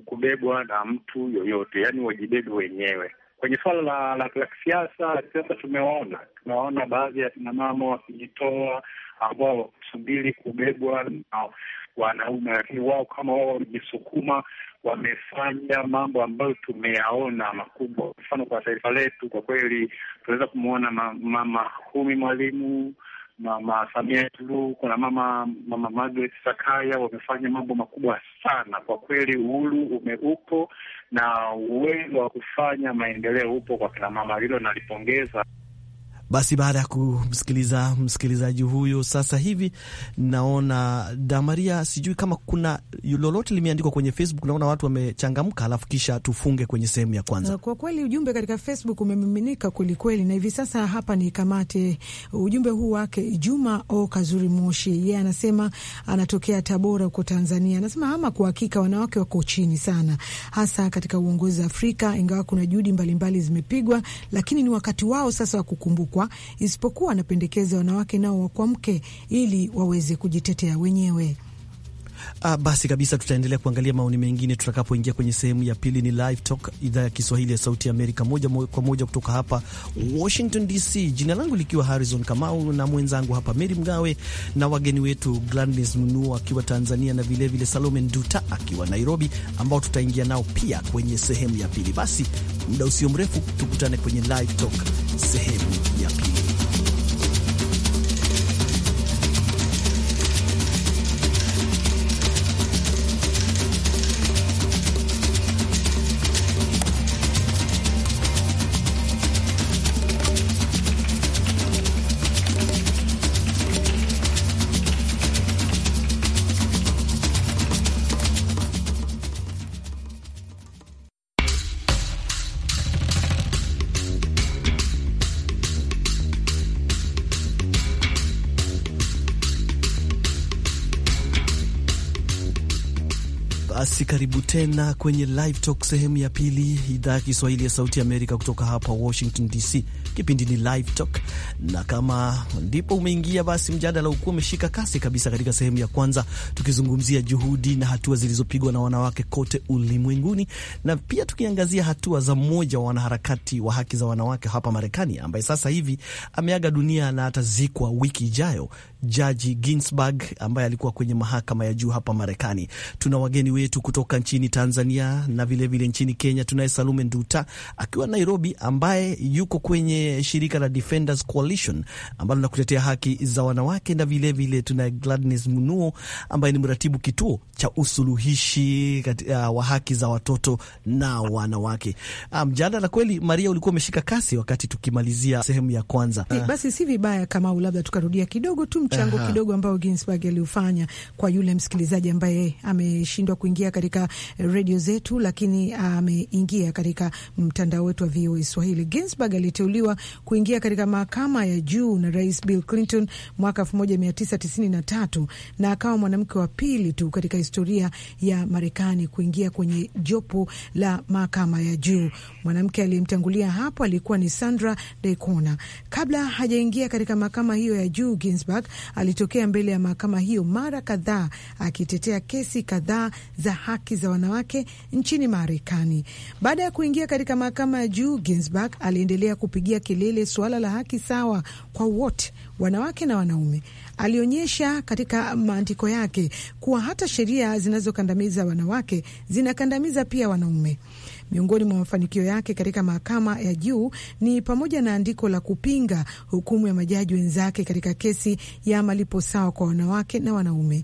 kubebwa na mtu yoyote, yaani wajibebe wenyewe. Kwenye suala la, la, la kisiasa sasa, tumeona tumewaona tumewaona baadhi ya kinamama wakijitoa ambao wakusubiri kubebwa na wanaume, lakini wao kama wao wamejisukuma, wamefanya mambo ambayo tumeyaona makubwa. Mfano kwa taifa letu, kwa kweli tunaweza kumwona Mama Humi Mwalimu Mama Samia Suluhu, kuna mama mama Margaret Sakaya wamefanya mambo makubwa sana kwa kweli. Uhuru umeupo na uwezo wa kufanya maendeleo upo kwa kina mama, hilo nalipongeza. Basi baada ya kumsikiliza msikilizaji huyo, sasa hivi naona Damaria, sijui kama kuna lolote limeandikwa kwenye Facebook. Naona watu wamechangamka, alafu kisha tufunge kwenye sehemu ya kwanza. Kwa kweli ujumbe katika Facebook umemiminika kwelikweli, na hivi sasa hapa ni kamate ujumbe huu wake Juma O Kazuri Moshi. Yeye yeah, anasema anatokea Tabora huko Tanzania. Anasema ama kwa hakika wanawake wako chini sana, hasa katika uongozi wa Afrika, ingawa kuna juhudi mbalimbali zimepigwa, lakini ni wakati wao sasa wa kukumbukwa kuwekwa, isipokuwa anapendekeza wanawake nao wakwamke ili waweze kujitetea wenyewe. Ah, basi kabisa, tutaendelea kuangalia maoni mengine tutakapoingia kwenye sehemu ya pili. Ni Live Talk, idhaa ya Kiswahili ya Sauti ya Amerika, moja kwa moja kutoka hapa Washington DC, jina langu likiwa Harrison Kamau na mwenzangu hapa Mary Mgawe na wageni wetu Gladys Mnuo akiwa Tanzania na vilevile vile Salome Nduta akiwa Nairobi, ambao tutaingia nao pia kwenye sehemu ya pili. Basi muda usio mrefu tukutane kwenye Live Talk sehemu ya pili. basi karibu tena kwenye Live Talk sehemu ya pili, idhaa ya Kiswahili ya Sauti Amerika kutoka hapa Washington DC. Kipindi ni Live Talk, na kama ndipo umeingia, basi mjadala ukuwa umeshika kasi kabisa. Katika sehemu ya kwanza tukizungumzia juhudi na hatua zilizopigwa na wanawake kote ulimwenguni, na pia tukiangazia hatua za mmoja wa wanaharakati wa haki za wanawake hapa Marekani ambaye sasa hivi ameaga dunia na atazikwa wiki ijayo, Jaji Ginsburg ambaye alikuwa kwenye mahakama ya juu hapa Marekani. Tuna wageni wetu kutoka nchini Tanzania na vilevile vile nchini Kenya tunaye Salume Nduta akiwa Nairobi, ambaye yuko kwenye shirika la Defenders Coalition ambalo linakutetea haki za wanawake, na vilevile tunaye Gladness Munuo ambaye ni mratibu kituo cha usuluhishi uh, wa haki za watoto na wanawake. Ah, mjadala um, kweli, Maria, ulikuwa umeshika kasi wakati tukimalizia sehemu ya kwanza. Uh, basi si vibaya kama labda tukarudia kidogo tu mchango uh -huh. kidogo ambao Ginsberg aliufanya kwa yule msikilizaji ambaye ameshindwa kuingia katika redio zetu, lakini ameingia katika mtandao wetu wa VOA Swahili. Ginsburg aliteuliwa kuingia katika mahakama ya juu na Rais Bill Clinton mwaka 1993 na akawa mwanamke wa pili tu katika historia ya Marekani kuingia kwenye jopo la mahakama ya juu. Mwanamke aliyemtangulia hapo alikuwa ni Sandra Dacona. Kabla hajaingia katika mahakama hiyo ya juu, Ginsburg alitokea mbele ya mahakama hiyo mara kadhaa akitetea kesi kadhaa za haki za wanawake nchini Marekani. Baada ya kuingia katika mahakama ya juu, Ginsburg aliendelea kupigia kelele suala la haki sawa kwa wote, wanawake na wanaume. Alionyesha katika maandiko yake kuwa hata sheria zinazokandamiza wanawake zinakandamiza pia wanaume. Miongoni mwa mafanikio yake katika mahakama ya juu ni pamoja na andiko la kupinga hukumu ya majaji wenzake katika kesi ya malipo sawa kwa wanawake na wanaume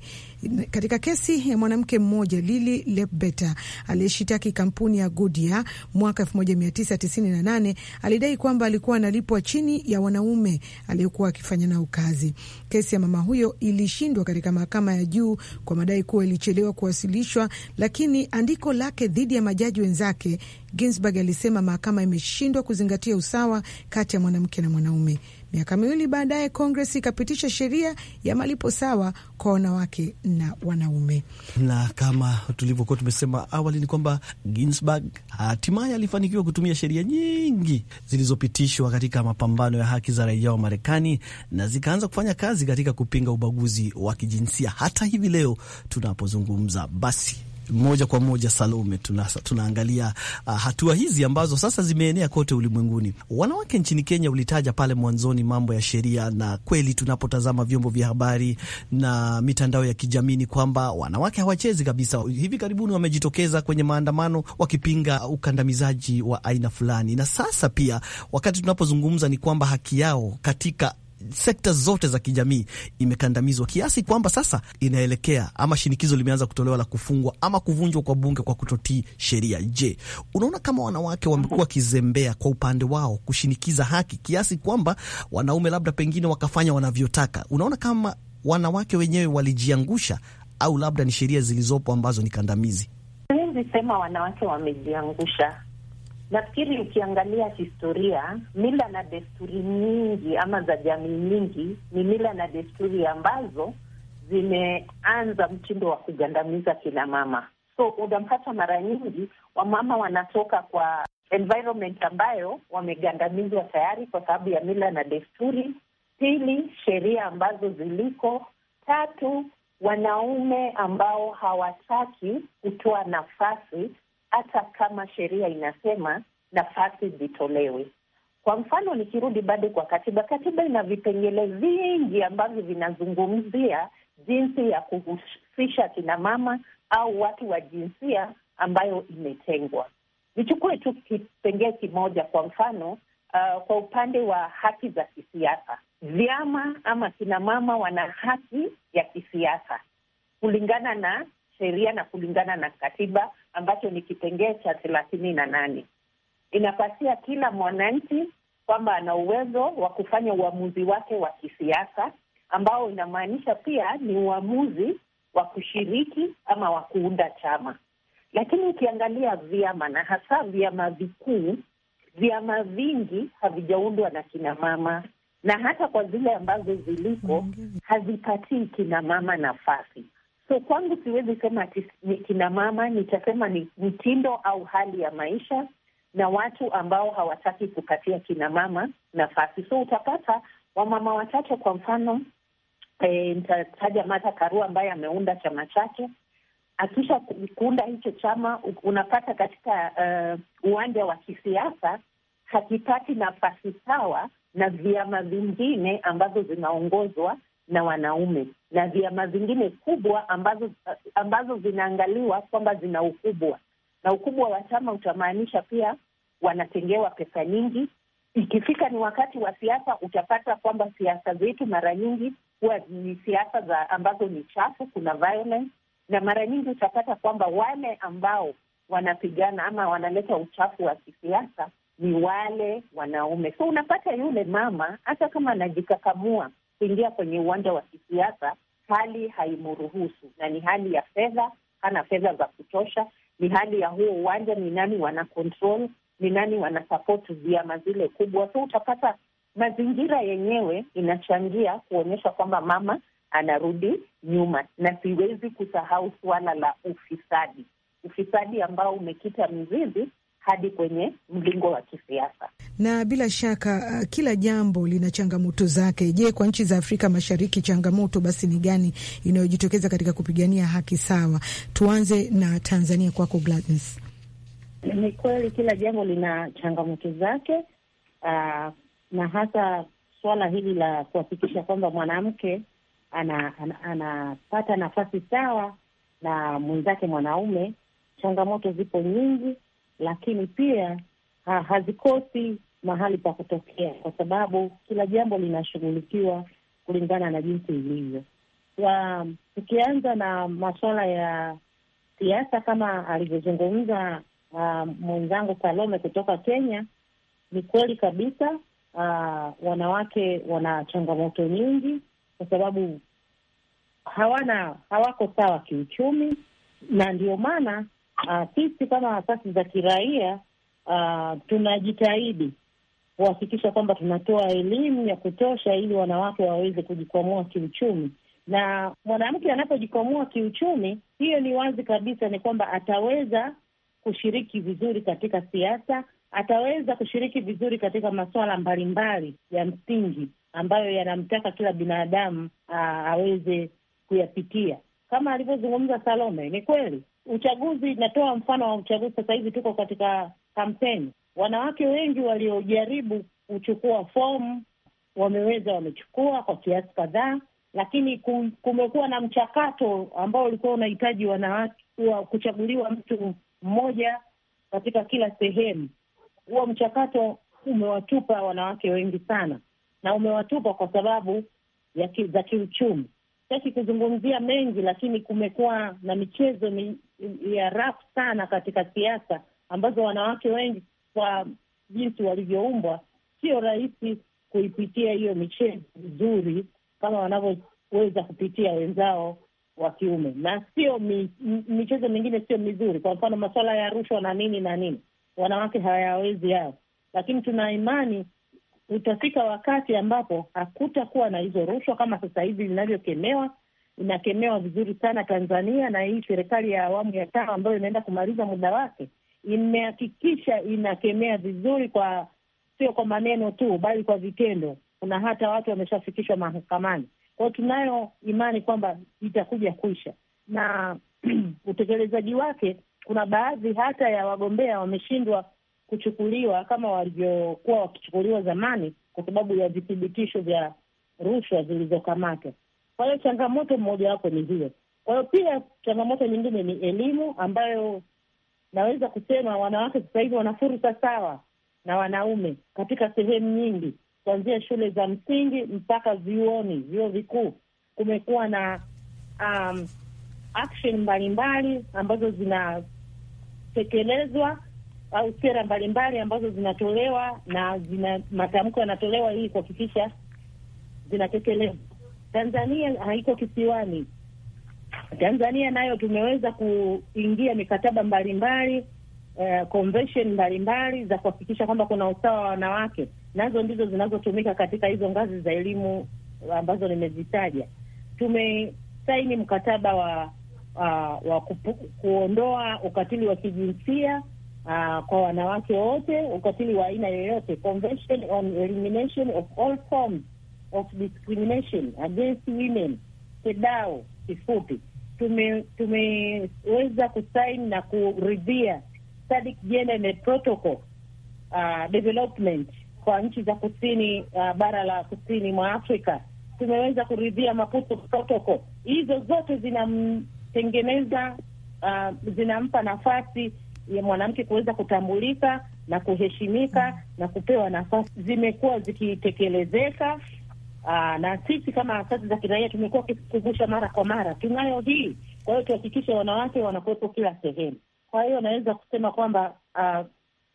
katika kesi ya mwanamke mmoja Lili lebeta aliyeshitaki kampuni ya Goodyear mwaka 1998 alidai kwamba alikuwa analipwa chini ya wanaume aliyokuwa akifanya nao kazi. Kesi ya mama huyo ilishindwa katika mahakama ya juu kwa madai kuwa ilichelewa kuwasilishwa, lakini andiko lake dhidi ya majaji wenzake, Ginsburg alisema mahakama imeshindwa kuzingatia usawa kati ya mwanamke na mwanaume. Miaka miwili baadaye, Kongres ikapitisha sheria ya malipo sawa kwa wanawake na wanaume. Na kama tulivyokuwa tumesema awali, ni kwamba Ginsburg hatimaye alifanikiwa kutumia sheria nyingi zilizopitishwa katika mapambano ya haki za raia wa Marekani na zikaanza kufanya kazi katika kupinga ubaguzi wa kijinsia hata hivi leo tunapozungumza. Basi moja kwa moja Salome, tunasa, tunaangalia uh, hatua hizi ambazo sasa zimeenea kote ulimwenguni. Wanawake nchini Kenya ulitaja pale mwanzoni mambo ya sheria, na kweli tunapotazama vyombo vya habari na mitandao ya kijamii ni kwamba wanawake hawachezi kabisa. Hivi karibuni wamejitokeza kwenye maandamano wakipinga ukandamizaji wa aina fulani, na sasa pia wakati tunapozungumza ni kwamba haki yao katika sekta zote za kijamii imekandamizwa kiasi kwamba sasa inaelekea ama shinikizo limeanza kutolewa la kufungwa ama kuvunjwa kwa bunge kwa kutotii sheria. Je, unaona kama wanawake wamekuwa wakizembea kwa upande wao kushinikiza haki kiasi kwamba wanaume labda pengine wakafanya wanavyotaka? Unaona kama wanawake wenyewe walijiangusha au labda ni sheria zilizopo ambazo ni kandamizi? Siwezi sema wanawake wamejiangusha, Nafikiri ukiangalia historia, mila na desturi nyingi ama za jamii nyingi ni mila na desturi ambazo zimeanza mtindo wa kugandamiza kina mama. So unampata mara nyingi wamama wanatoka kwa environment ambayo wamegandamizwa tayari kwa sababu ya mila na desturi. Pili, sheria ambazo ziliko. Tatu, wanaume ambao hawataki kutoa nafasi hata kama sheria inasema nafasi zitolewe. Kwa mfano, nikirudi bado kwa katiba, katiba ina vipengele vingi ambavyo vinazungumzia jinsi ya kuhusisha kina mama au watu wa jinsia ambayo imetengwa. Nichukue tu kipengee kimoja, kwa mfano uh, kwa upande wa haki za kisiasa, vyama ama kina mama wana haki ya kisiasa kulingana na sheria na kulingana na katiba ambacho ni kipengee cha thelathini na nane inapatia kila mwananchi kwamba ana uwezo wa kufanya uamuzi wake wa kisiasa ambao inamaanisha pia ni uamuzi wa kushiriki ama wa kuunda chama. Lakini ukiangalia vyama na hasa vyama vikuu, vyama vingi havijaundwa na kinamama, na hata kwa zile ambazo ziliko hazipatii kinamama nafasi. So kwangu siwezi sema ati ni kina mama, nitasema ni mtindo au hali ya maisha na watu ambao hawataki kupatia kina mama nafasi. So utapata wamama wachache, kwa mfano e, nitataja Martha Karua ambaye ameunda chama chake. Akisha kuunda hicho chama, unapata katika uh, uwanja wa kisiasa hakipati nafasi sawa na vyama vingine ambazo zinaongozwa na wanaume na vyama vingine kubwa ambazo ambazo zinaangaliwa kwamba zina ukubwa, na ukubwa wa chama utamaanisha pia wanatengewa pesa nyingi. Ikifika ni wakati wa siasa, utapata kwamba siasa zetu mara nyingi huwa ni siasa za ambazo ni chafu, kuna violence, na mara nyingi utapata kwamba wale ambao wanapigana ama wanaleta uchafu wa kisiasa ni wale wanaume. So unapata yule mama hata kama anajikakamua kuingia kwenye uwanja wa kisiasa hali haimruhusu, na ni hali ya fedha. Hana fedha za kutosha, ni hali ya huo uwanja, ni nani wana control, ni nani wana support vyama zile kubwa. So utapata mazingira yenyewe inachangia kuonyesha kwamba mama anarudi nyuma, na siwezi kusahau suala la ufisadi, ufisadi ambao umekita mzizi hadi kwenye mlingo wa kisiasa. Na bila shaka uh, kila jambo lina changamoto zake. Je, kwa nchi za Afrika Mashariki changamoto basi ni gani inayojitokeza katika kupigania haki sawa? Tuanze na Tanzania, kwako Gladness. Ni kweli kila jambo lina changamoto zake, uh, na hasa suala hili la kuhakikisha kwamba mwanamke ana, ana, anapata nafasi sawa na mwenzake mwanaume. Changamoto zipo nyingi lakini pia ha, hazikosi mahali pa kutokea, kwa sababu kila jambo linashughulikiwa kulingana na jinsi ilivyo. Tukianza na masuala ya siasa kama alivyozungumza uh, mwenzangu Salome kutoka Kenya, ni kweli kabisa uh, wanawake wana changamoto nyingi kwa sababu hawana hawako sawa kiuchumi, na ndio maana Ah, sisi uh, kama asasi za kiraia uh, tunajitahidi kuhakikisha kwamba tunatoa elimu ya kutosha ili wanawake waweze kujikwamua kiuchumi, na mwanamke anapojikwamua kiuchumi, hiyo ni wazi kabisa ni kwamba ataweza kushiriki vizuri katika siasa, ataweza kushiriki vizuri katika masuala mbalimbali ya msingi ambayo yanamtaka kila binadamu ah, aweze kuyapitia. Kama alivyozungumza Salome, ni kweli uchaguzi, natoa mfano wa uchaguzi sasa hivi, tuko katika kampeni. Wanawake wengi waliojaribu kuchukua fomu wameweza, wamechukua kwa kiasi kadhaa, lakini kumekuwa na mchakato ambao ulikuwa unahitaji wanawake wa kuchaguliwa mtu mmoja katika kila sehemu. Huo mchakato umewatupa wanawake wengi sana, na umewatupa kwa sababu za kiuchumi. Sitaki kuzungumzia mengi, lakini kumekuwa na michezo ya rafu sana katika siasa ambazo wanawake wengi kwa jinsi walivyoumbwa sio rahisi kuipitia hiyo michezo vizuri kama wanavyoweza kupitia wenzao wa kiume, na sio mi, michezo mingine sio mizuri. Kwa mfano masuala ya rushwa na nini na nini, wanawake hayawezi hayo, lakini tuna imani utafika wakati ambapo hakutakuwa na hizo rushwa kama sasa hivi inakemewa vizuri sana Tanzania, na hii serikali ya awamu ya tano ambayo inaenda kumaliza muda wake imehakikisha inakemea vizuri, kwa sio kwa maneno tu, bali kwa vitendo. Kuna hata watu wameshafikishwa mahakamani. kwao. tunayo imani kwamba itakuja kuisha na utekelezaji wake. Kuna baadhi hata ya wagombea wameshindwa kuchukuliwa kama walivyokuwa wakichukuliwa zamani, kwa sababu ya vithibitisho vya rushwa zilizokamatwa. Kwa hiyo changamoto mmojawapo ni hiyo. Kwa hiyo pia changamoto nyingine ni elimu, ambayo naweza kusema wanawake sasa hivi wana fursa sawa na wanaume katika sehemu nyingi, kuanzia shule za msingi mpaka vyuoni, vyuo vikuu. Kumekuwa na um, action mbalimbali ambazo zinatekelezwa au sera mbalimbali ambazo zinatolewa na zina matamko yanatolewa ili kuhakikisha zinatekelezwa. Tanzania haiko kisiwani. Tanzania nayo tumeweza kuingia mikataba mbalimbali uh, convention mbalimbali za kuhakikisha kwamba kuna usawa wa wanawake, nazo ndizo zinazotumika katika hizo ngazi za elimu ambazo nimezitaja. Tumesaini mkataba wa uh, wa kupu, kuondoa ukatili wa kijinsia uh, kwa wanawake wote, ukatili wa aina yoyote, Convention on Elimination of All Forms of discrimination against women CEDAW kifupi, tumeweza tume kusain na kuridhia Protocol uh, development kwa nchi za kusini uh, bara la kusini mwa Afrika tumeweza kuridhia Maputo Protocol. Hizo zote zinamtengeneza uh, zinampa nafasi ya mwanamke kuweza kutambulika na kuheshimika na kupewa nafasi. Zimekuwa zikitekelezeka Aa, ah, na sisi kama asasi za kiraia tumekuwa tukikumbusha mara kwa mara, tunayo hii. Kwa hiyo tuhakikishe wanawake wanakuwepo kila sehemu. Kwa hiyo naweza kusema kwamba ah,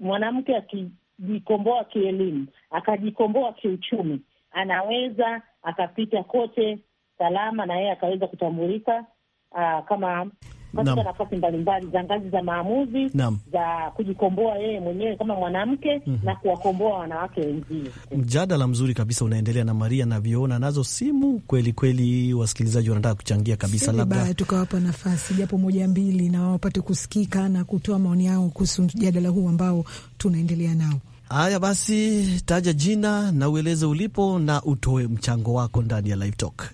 mwanamke akijikomboa kielimu, akajikomboa kiuchumi, anaweza akapita kote salama, na yeye akaweza kutambulika ah, kama katika nafasi mbalimbali za ngazi za maamuzi Naam. za kujikomboa yeye mwenyewe kama mwanamke mm -hmm. na kuwakomboa wanawake wengine. Mjadala mzuri kabisa unaendelea na Maria anavyoona nazo simu kweli kweli, wasikilizaji wanataka kuchangia kabisa, labda tukawapa nafasi japo moja mbili, na wapate kusikika na kutoa maoni yao kuhusu mjadala huu ambao tunaendelea nao. Haya basi, taja jina na ueleze ulipo na utoe mchango wako ndani ya Live Talk.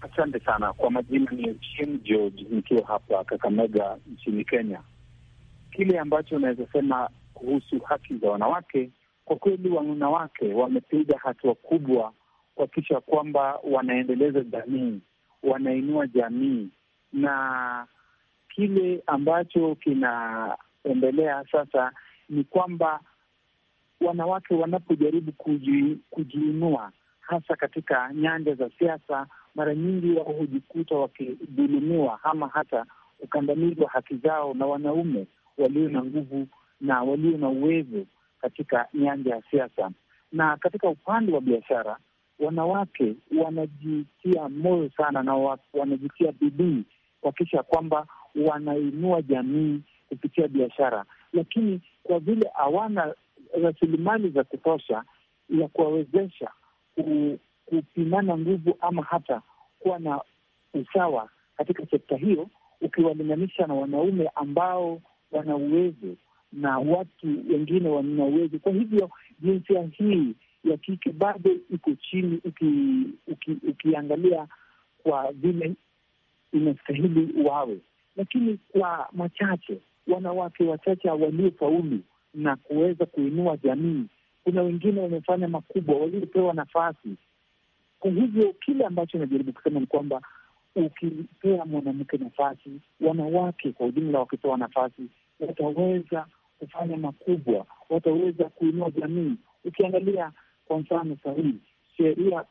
Asante sana kwa majina, ni Ochieng George nikiwa hapa Kakamega nchini Kenya. Kile ambacho unaweza sema kuhusu haki za wanawake, kwa kweli wanawake wamepiga hatua kubwa kuhakikisha kwamba wanaendeleza jamii, wanainua jamii, na kile ambacho kinaendelea sasa ni kwamba wanawake wanapojaribu kujiinua hasa katika nyanja za siasa mara nyingi wao hujikuta wakidhulumiwa ama hata kukandamizwa haki zao na wanaume walio na nguvu na walio na uwezo katika nyanja ya siasa. Na katika upande wa biashara, wanawake wanajitia moyo sana na wanajitia bidii kuhakikisha kwamba wanainua jamii kupitia biashara, lakini kwa vile hawana rasilimali za kutosha ya kuwawezesha kupimana nguvu ama hata kuwa na usawa katika sekta hiyo, ukiwalinganisha na wanaume ambao wana uwezo na watu wengine wana uwezo. Kwa hivyo jinsia hii ya kike bado iko chini, uki, uki, ukiangalia kwa vile inastahili wawe, lakini kwa machache, wanawake wachache waliofaulu na kuweza kuinua jamii. Kuna wengine wamefanya makubwa, waliopewa nafasi kwa hivyo kile ambacho najaribu kusema ni kwamba ukipea mwanamke nafasi, wanawake kwa ujumla wakipewa nafasi, wataweza kufanya makubwa, wataweza kuinua jamii. Ukiangalia kwa mfano sahihi sheria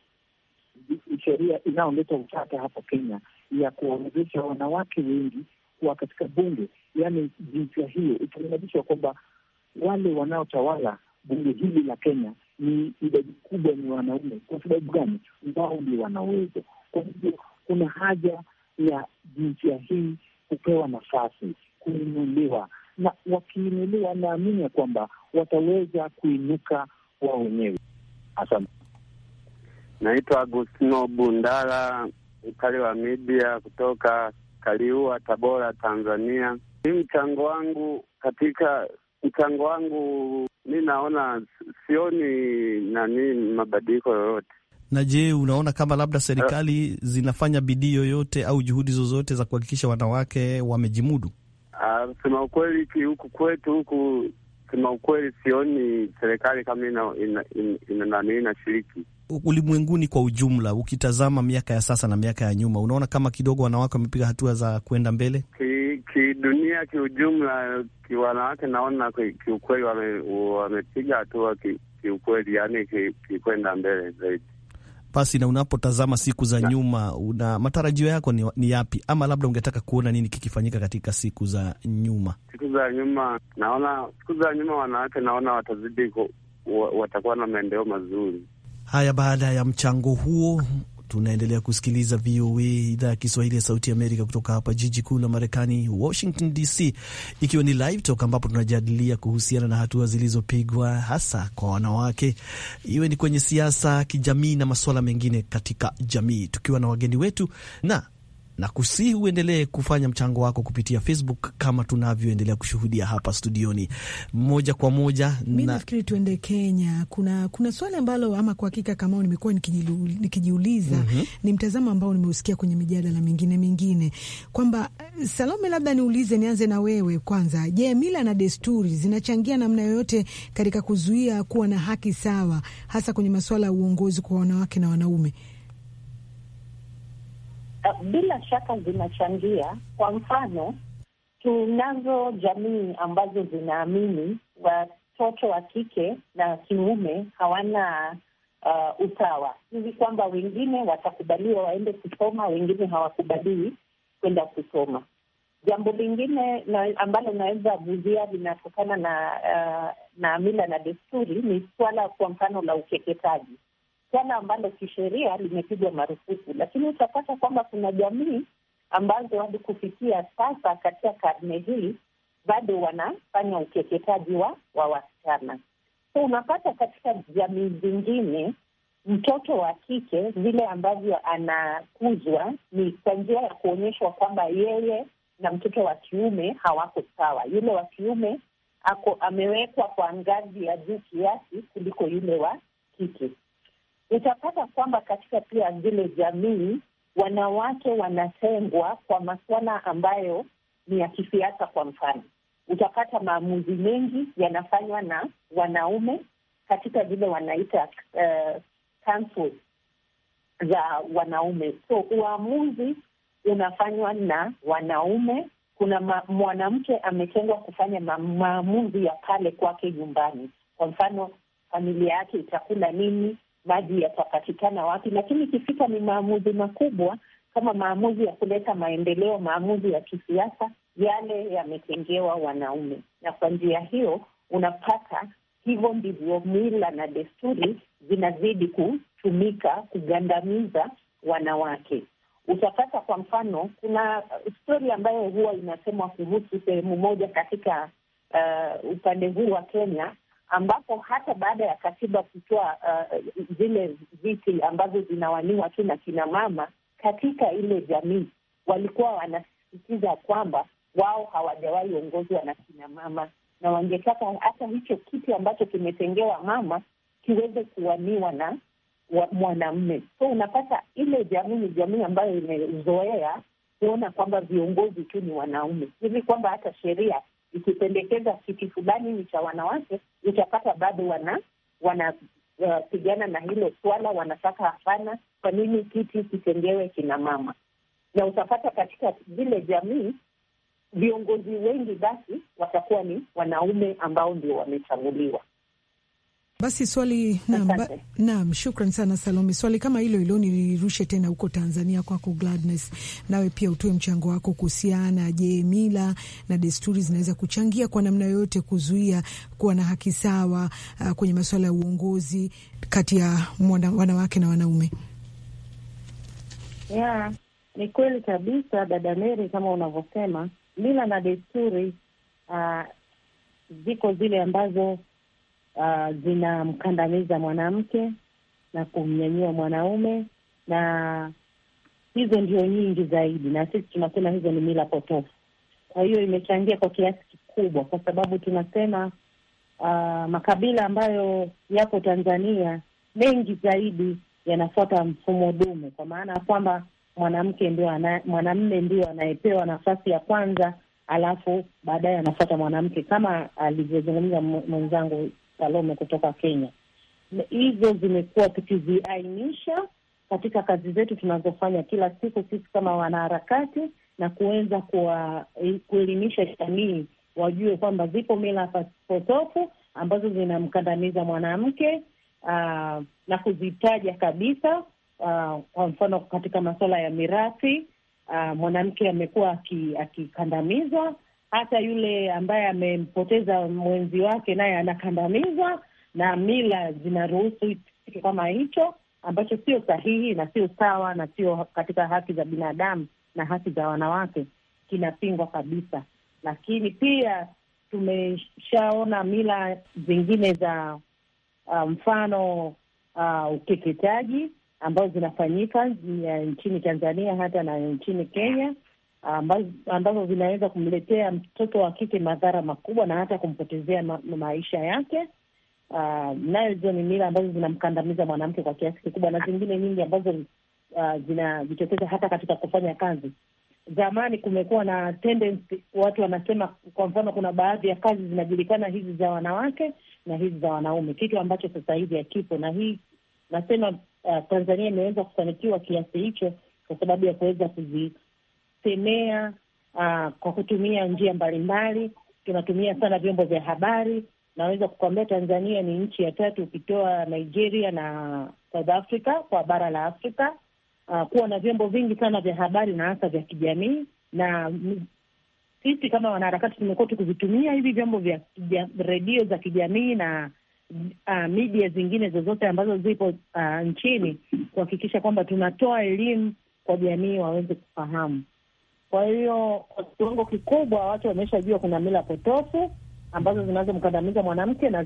sheria inayoleta utata hapa Kenya ya kuwawezesha wanawake wengi kuwa katika bunge, yaani jinsia hiyo, ikilinganishwa kwamba wale wanaotawala bunge hili la Kenya ni idadi kubwa ni wanaume. Kwa sababu gani? Wao ndio wanaweza. Kwa hivyo kuna haja ya jinsia hii kupewa nafasi, kuinuliwa, na wakiinuliwa, naamini ya kwamba wataweza kuinuka wao wenyewe. Asante. Naitwa Agustino Bundala, mkali wa media kutoka Kaliua, Tabora, Tanzania. Hii mchango wangu katika mchango wangu mi naona sioni nani mabadiliko yoyote. Na je, unaona kama labda serikali zinafanya bidii yoyote au juhudi zozote za kuhakikisha wanawake wamejimudu? Ah, sema ukweli huku kwetu huku, sema ukweli sioni serikali kama ina nani inashiriki ina, ina, ina ulimwenguni kwa ujumla, ukitazama miaka ya sasa na miaka ya nyuma, unaona kama kidogo wanawake wamepiga hatua za kwenda mbele kidunia, ki kiujumla, kiwanawake naona kiukweli wamepiga hatua kiukweli, yani kikwenda ki mbele zaidi basi. Na unapotazama siku za na nyuma, una matarajio yako ni, ni yapi, ama labda ungetaka kuona nini kikifanyika katika siku za nyuma? Siku za nyuma naona, siku za nyuma wanawake naona watazidi, watakuwa na maendeleo mazuri. Haya, baada ya mchango huo tunaendelea kusikiliza VOA idhaa ya Kiswahili ya Sauti Amerika kutoka hapa jiji kuu la Marekani, Washington DC, ikiwa ni Live Talk ambapo tunajadilia kuhusiana na hatua zilizopigwa hasa kwa wanawake, iwe ni kwenye siasa, kijamii na masuala mengine katika jamii, tukiwa na wageni wetu na na kusihi uendelee kufanya mchango wako kupitia Facebook kama tunavyoendelea kushuhudia hapa studioni moja kwa moja. Mi nafikiri tuende Kenya. Kuna, kuna swali ambalo ama kwa hakika kama nimekuwa nikijiuliza mm -hmm. Ni mtazamo ambao nimeusikia kwenye mijadala mingine mingine kwamba Salome, labda niulize, nianze na wewe kwanza. Je, mila na desturi zinachangia namna yoyote katika kuzuia kuwa na haki sawa hasa kwenye masuala ya uongozi kwa wanawake na wanaume? Eh, bila shaka zinachangia. Kwa mfano, tunazo jamii ambazo zinaamini watoto wa kike na kiume hawana uh, usawa hivi kwamba wengine watakubaliwa waende kusoma, wengine hawakubaliwi kwenda kusoma. Jambo lingine na, ambalo naweza vuzia linatokana na uh, na mila na desturi ni suala kwa mfano la ukeketaji swala ambalo kisheria limepigwa marufuku, lakini utapata kwamba kuna jamii ambazo hadi kufikia sasa katika karne hii bado wanafanya ukeketaji wa wa wasichana. So unapata katika jamii zingine mtoto wa kike vile ambavyo anakuzwa ni kwa njia ya kuonyeshwa kwamba yeye na mtoto wa kiume hawako sawa. Yule wa kiume ako amewekwa kwa ngazi ya juu kiasi kuliko yule wa kike utapata kwamba katika pia zile jamii wanawake wanatengwa kwa masuala ambayo ni ya kisiasa. Kwa mfano, utapata maamuzi mengi yanafanywa na wanaume katika vile wanaita uh, za wanaume. So uamuzi unafanywa na wanaume. Kuna mwanamke ametengwa kufanya ma, maamuzi ya pale kwake nyumbani. Kwa mfano, familia yake itakula nini, maji yatapatikana wapi, lakini ikifika ni maamuzi makubwa kama maamuzi ya kuleta maendeleo, maamuzi ya kisiasa, yale yametengewa wanaume, na kwa njia hiyo unapata hivyo ndivyo mila na desturi zinazidi kutumika kugandamiza wanawake. Utapata kwa mfano, kuna stori ambayo huwa inasemwa kuhusu sehemu moja katika uh, upande huu wa Kenya ambapo hata baada ya katiba kutoa uh, zile viti ambazo zinawaniwa tu na kina mama katika ile jamii, walikuwa wanasisitiza kwamba wao hawajawahi ongozwa na kina mama na wangetaka hata hicho kiti ambacho kimetengewa mama kiweze kuwaniwa na mwanamme. So unapata ile jamii ni jamii ambayo imezoea kuona kwamba viongozi tu ni wanaume, hivi kwamba hata sheria ikipendekeza kiti fulani ni cha wanawake, utapata bado wana wanapigana uh, na hilo swala, wanataka hapana, kwa nini kiti kitengewe kina mama? Na utapata katika zile jamii viongozi wengi basi watakuwa ni wanaume ambao ndio wamechaguliwa. Basi swali naam, ba, naam, shukran sana Salome. Swali kama hilo hilo nilirushe tena huko Tanzania kwako Gladness, nawe pia utoe mchango wako kuhusiana. Je, mila na desturi zinaweza kuchangia kwa namna yoyote kuzuia kuwa na haki sawa uh, kwenye masuala ya uongozi kati ya wanawake na wanaume? Yeah, ni kweli kabisa dada Mary, kama unavyosema mila na desturi uh, ziko zile ambazo uh, zinamkandamiza mwanamke na kumnyanyua mwanaume, na hizo ndio nyingi zaidi, na sisi tunasema hizo ni mila potofu. Kwa hiyo imechangia kwa kiasi kikubwa, kwa sababu tunasema uh, makabila ambayo yapo Tanzania mengi zaidi yanafuata mfumo dume, kwa maana ya kwamba mwanamke ndio mwanamme ndio anayepewa nafasi ya kwanza, alafu baadaye anafuata mwanamke, kama alivyozungumza mwenzangu Salome kutoka Kenya. Hizo zimekuwa tukiziainisha katika kazi zetu tunazofanya kila siku sisi kama wanaharakati, na kuweza eh, kuelimisha jamii wajue kwamba zipo mila potofu ambazo zinamkandamiza mwanamke ah, na kuzitaja kabisa. Ah, kwa mfano katika masuala ya mirathi ah, mwanamke amekuwa akikandamizwa, hata yule ambaye amempoteza mwenzi wake naye anakandamizwa, na mila zinaruhusu kitu kama hicho ambacho sio sahihi na sio sawa na sio katika haki za binadamu na haki za wanawake, kinapingwa kabisa. Lakini pia tumeshaona mila zingine za uh, mfano uh, ukeketaji ambazo zinafanyika uh, nchini Tanzania hata na nchini Kenya ambazo zinaweza kumletea mtoto wa kike madhara makubwa na hata kumpotezea ma maisha yake. Uh, nayo hizo ni mila ambazo zinamkandamiza mwanamke kwa kiasi kikubwa, na zingine nyingi ambazo uh, zinajitokeza hata katika kufanya kazi. Zamani kumekuwa na tendency, watu wanasema, kwa mfano, kuna baadhi ya kazi zinajulikana hizi za wanawake na hizi za wanaume, kitu ambacho sasa hivi hakipo, na hii nasema uh, Tanzania imeweza kufanikiwa kiasi hicho kwa sababu ya kuweza kuzi kusemea uh, kwa kutumia njia mbalimbali. Tunatumia sana vyombo vya habari. Naweza kukuambia Tanzania ni nchi ya tatu ukitoa Nigeria na South Africa kwa bara la Afrika uh, kuwa na vyombo vingi sana vya habari na hasa vya kijamii na sisi kama wanaharakati tumekuwa tukivitumia hivi vyombo vya redio za kijamii na uh, media zingine zozote ambazo zipo uh, nchini kuhakikisha kwamba tunatoa elimu kwa jamii waweze kufahamu. Kwa hiyo kiwango kikubwa watu wameshajua kuna mila potofu ambazo zinazomkandamiza mwanamke na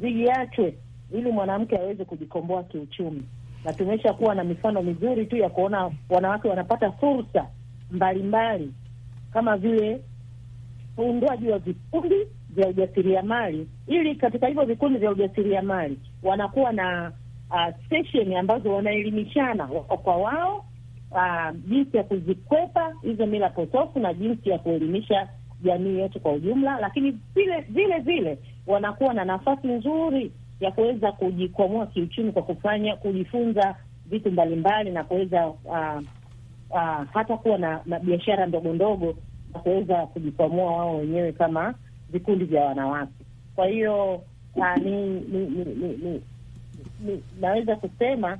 ziachwe, ili mwanamke aweze kujikomboa kiuchumi, na tumesha kuwa na mifano mizuri tu ya kuona wanawake wanapata fursa mbalimbali kama vile uundwaji wa vikundi vya ujasiriamali, ili katika hivyo vikundi vya ujasiriamali wanakuwa na uh, ambazo wanaelimishana wako kwa wao uh, jinsi ya kuzikwepa hizo mila potofu na jinsi ya kuelimisha jamii yetu kwa ujumla, lakini vile vile vile wanakuwa na nafasi nzuri ya kuweza kujikwamua kiuchumi kwa kufanya kujifunza vitu mbalimbali na kuweza uh, uh, hata kuwa na, na biashara ndogo ndogo na kuweza kujikwamua wao wenyewe kama vikundi vya wanawake. Kwa hiyo uh, ni, ni, ni, ni, ni, ni naweza kusema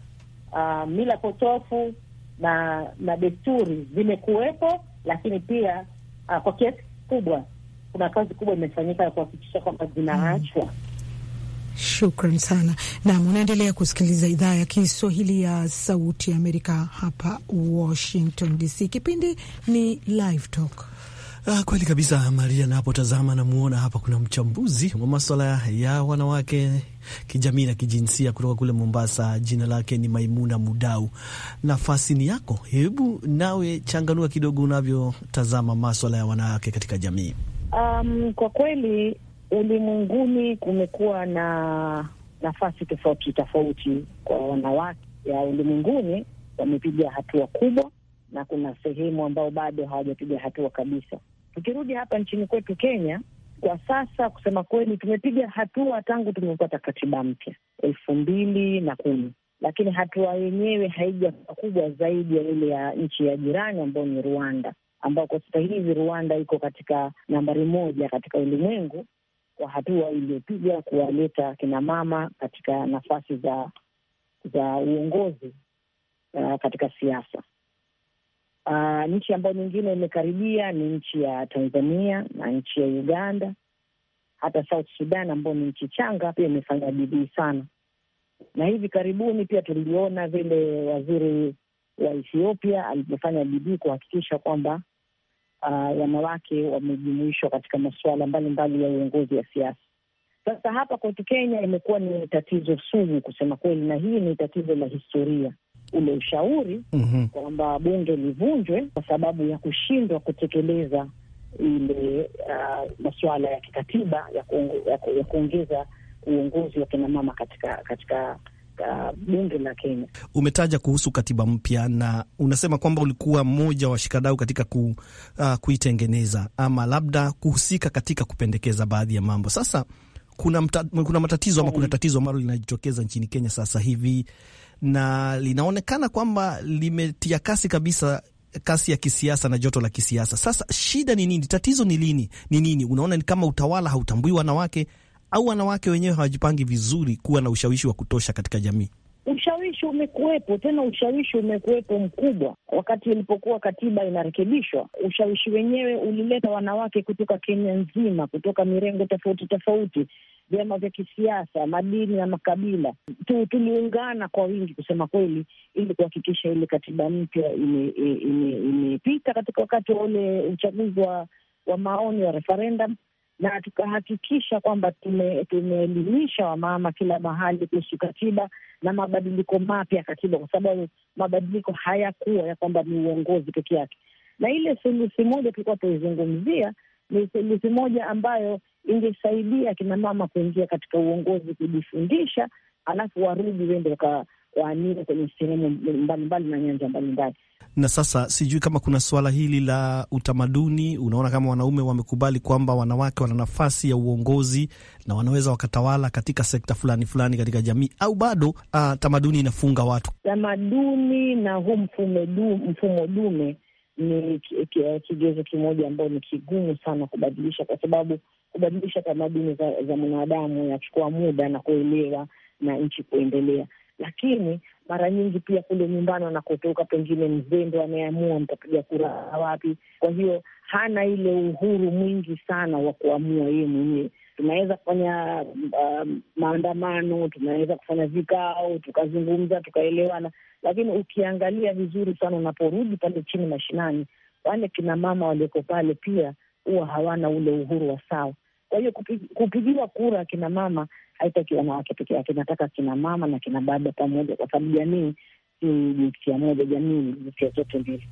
uh, mila potofu na na desturi zimekuwepo, lakini pia uh, kwa kiasi kikubwa kuna kazi kubwa imefanyika ya kuhakikisha kwamba zinaachwa. mm. Shukran sana. Naam, unaendelea kusikiliza idhaa ya Kiswahili ya Sauti ya Amerika hapa Washington DC. Kipindi ni Live Talk Ah, kweli kabisa Maria, napotazama namuona hapa kuna mchambuzi wa maswala ya wanawake kijamii na kijinsia kutoka kule Mombasa. Jina lake ni Maimuna Mudau. Nafasi ni yako, hebu nawe changanua kidogo unavyotazama maswala ya wanawake katika jamii. Um, kwa kweli ulimwenguni kumekuwa na nafasi tofauti tofauti kwa wanawake ya ulimwenguni, wamepiga hatua kubwa na kuna sehemu ambao bado hawajapiga hatua kabisa. Tukirudi hapa nchini kwetu Kenya, kwa sasa kusema kweli, tumepiga hatua tangu tumepata katiba mpya elfu mbili na kumi, lakini hatua yenyewe haija kubwa zaidi ya ile ya nchi ya jirani ambayo ni Rwanda, ambao kwa sasa hivi Rwanda iko katika nambari moja katika ulimwengu kwa hatua iliyopiga kuwaleta kinamama katika nafasi za za uongozi uh, katika siasa. Uh, nchi ambayo nyingine imekaribia ni nchi ya Tanzania na nchi ya Uganda, hata South Sudan ambayo ni nchi changa pia imefanya bidii sana, na hivi karibuni pia tuliona vile waziri wa Ethiopia alivyofanya bidii kuhakikisha kwamba uh, wanawake wamejumuishwa katika masuala mbalimbali ya uongozi wa siasa. Sasa hapa kwetu Kenya imekuwa ni tatizo sugu kusema kweli, na hii ni tatizo la historia ule ushauri mm -hmm. kwamba bunge livunjwe kwa sababu ya kushindwa kutekeleza ile uh, masuala ya kikatiba ya, kuongeza uongozi wa kinamama katika katika uh, bunge la Kenya. Umetaja kuhusu katiba mpya na unasema kwamba ulikuwa mmoja wa washikadau katika ku, uh, kuitengeneza ama labda kuhusika katika kupendekeza baadhi ya mambo. Sasa kuna, mta, kuna matatizo ama mm. kuna tatizo ambalo linajitokeza nchini Kenya sasa hivi na linaonekana kwamba limetia kasi kabisa kasi ya kisiasa na joto la kisiasa. Sasa shida ni nini? Tatizo ni lini? Ni nini? Unaona, ni kama utawala hautambui wanawake au wanawake wenyewe hawajipangi vizuri kuwa na ushawishi wa kutosha katika jamii? ushawishi umekuwepo, tena ushawishi umekuwepo mkubwa. Wakati ilipokuwa katiba inarekebishwa, ushawishi wenyewe ulileta wanawake kutoka Kenya nzima, kutoka mirengo tofauti tofauti, vyama vya kisiasa, madini na makabila tu, tuliungana kwa wingi kusema kweli, ili kuhakikisha ile katiba mpya imepita katika wakati wa ule uchaguzi wa maoni wa referendum na tukahakikisha kwamba tumeelimisha tume wamama kila mahali kuhusu katiba na mabadiliko mapya ya katiba, kwa sababu mabadiliko hayakuwa ya kwamba ni uongozi peke yake. Na ile theluthi moja tulikuwa tuizungumzia ni theluthi moja ambayo ingesaidia kina mama kuingia katika uongozi, kujifundisha, alafu warudi wende waka waamini kwenye sehemu mbalimbali na nyanja mbalimbali. Na sasa sijui kama kuna suala hili la utamaduni, unaona kama wanaume wamekubali kwamba wanawake wana nafasi ya uongozi na wanaweza wakatawala katika sekta fulani fulani katika jamii, au bado uh, tamaduni inafunga watu? Tamaduni na huu mfumo dume ni kigezo kimoja ambayo ni kigumu sana kubadilisha, kwa sababu kubadilisha tamaduni za, za mwanadamu yachukua muda na kuelewa na nchi kuendelea lakini mara nyingi pia kule nyumbani wanakotoka, pengine mzembe anayeamua mtapiga kura wapi. Kwa hiyo hana ile uhuru mwingi sana wa kuamua yeye mwenyewe. Tunaweza kufanya uh, maandamano, tunaweza kufanya vikao, tukazungumza, tukaelewana, lakini ukiangalia vizuri sana, unaporudi pale chini mashinani, wale kinamama walioko pale pia huwa hawana ule uhuru wa sawa kwa hiyo kupigiwa kura akina mama haitaki wanawake peke yake, nataka akina mama na akina baba pamoja, kwa sababu jamii ni jinsia moja, jamii ni jinsia zote mbili.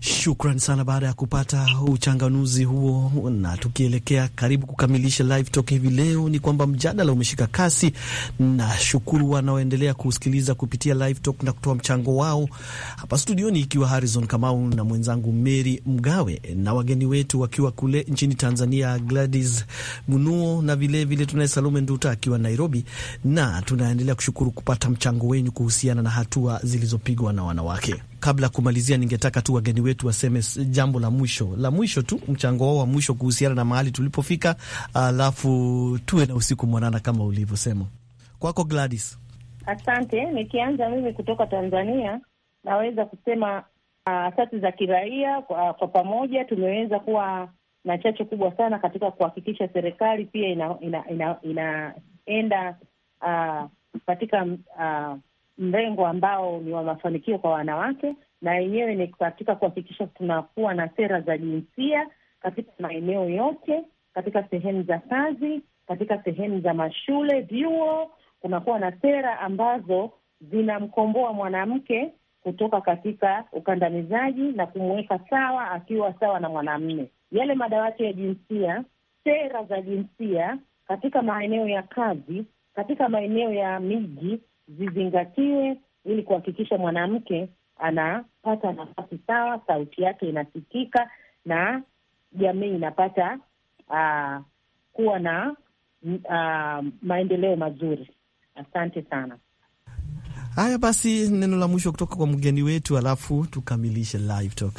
Shukran sana baada ya kupata uchanganuzi huo, na tukielekea karibu kukamilisha live talk hivi leo, ni kwamba mjadala umeshika kasi, na shukuru wanaoendelea kusikiliza kupitia live talk na kutoa mchango wao hapa studioni, ikiwa Harrison Kamau na mwenzangu Mary Mgawe na wageni wetu wakiwa kule nchini Tanzania, Gladys Munuo na vilevile tunaye Salome Nduta akiwa Nairobi, na tunaendelea kushukuru kupata mchango wenyu kuhusiana na hatua zilizopigwa na wanawake kabla ya kumalizia, ningetaka tu wageni wetu waseme jambo la mwisho la mwisho tu, mchango wao wa mwisho kuhusiana na mahali tulipofika, alafu tuwe na usiku mwanana kama ulivyosema. Kwako Gladys. Asante. Nikianza mimi kutoka Tanzania, naweza kusema ah, asasi uh, za kiraia kwa, kwa pamoja tumeweza kuwa na chachu kubwa sana katika kuhakikisha serikali pia inaenda ina, ina, ina, ina uh, katika uh, mrengo ambao ni wa mafanikio kwa wanawake, na yenyewe ni katika kuhakikisha tunakuwa na sera za jinsia katika maeneo yote, katika sehemu za kazi, katika sehemu za mashule, vyuo, kunakuwa na sera ambazo zinamkomboa mwanamke kutoka katika ukandamizaji na kumweka sawa akiwa sawa na mwanamume. Yale madawati ya jinsia, sera za jinsia katika maeneo ya kazi, katika maeneo ya miji zizingatiwe ili kuhakikisha mwanamke anapata nafasi sawa, sauti yake inasikika na jamii inapata uh, kuwa na uh, maendeleo mazuri. Asante sana. Haya basi, neno la mwisho kutoka kwa mgeni wetu, alafu tukamilishe live talk.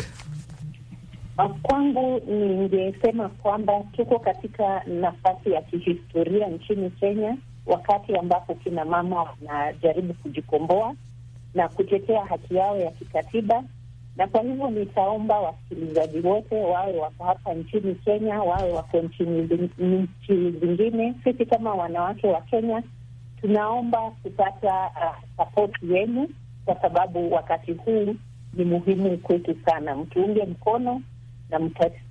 Kwangu ningesema kwamba tuko katika nafasi ya kihistoria nchini Kenya wakati ambapo kina mama wanajaribu kujikomboa na kutetea haki yao ya kikatiba. Na kwa hivyo nitaomba wasikilizaji wote, wawe wako hapa nchini Kenya, wawe wako nchi zingine, sisi kama wanawake wa Kenya tunaomba kupata ah, sapoti yenu, kwa sababu wakati huu ni muhimu kwetu sana. Mtuunge mkono na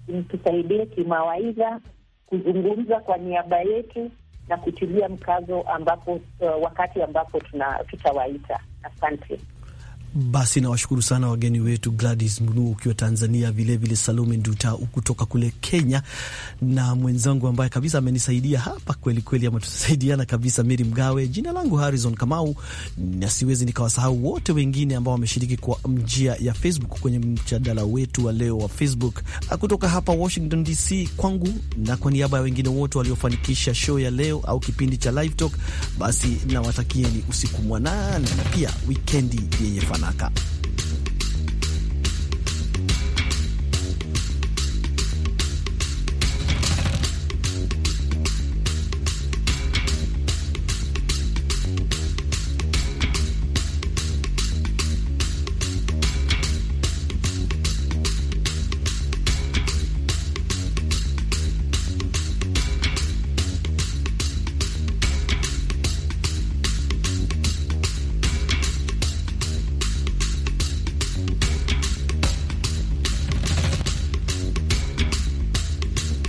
mtusaidie kimawaidha, kuzungumza kwa niaba yetu na kutilia mkazo ambapo, uh, wakati ambapo tutawaita. Asante. Basi nawashukuru sana wageni wetu Gladys Mnu ukiwa Tanzania, vilevile Salome Nduta kutoka kule Kenya, na mwenzangu ambaye kabisa amenisaidia hapa kweli kweli, ama tusaidiana kabisa, Meri Mgawe. Jina langu Harrison Kamau, na siwezi nikawasahau wote wengine ambao wameshiriki kwa njia ya Facebook kwenye mjadala wetu wa leo wa Facebook. Kutoka hapa Washington DC kwangu na kwa niaba ya wengine wote waliofanikisha show ya leo au kipindi cha Live Talk, basi nawatakieni usiku mwanana na pia wikendi yenye furaha. 中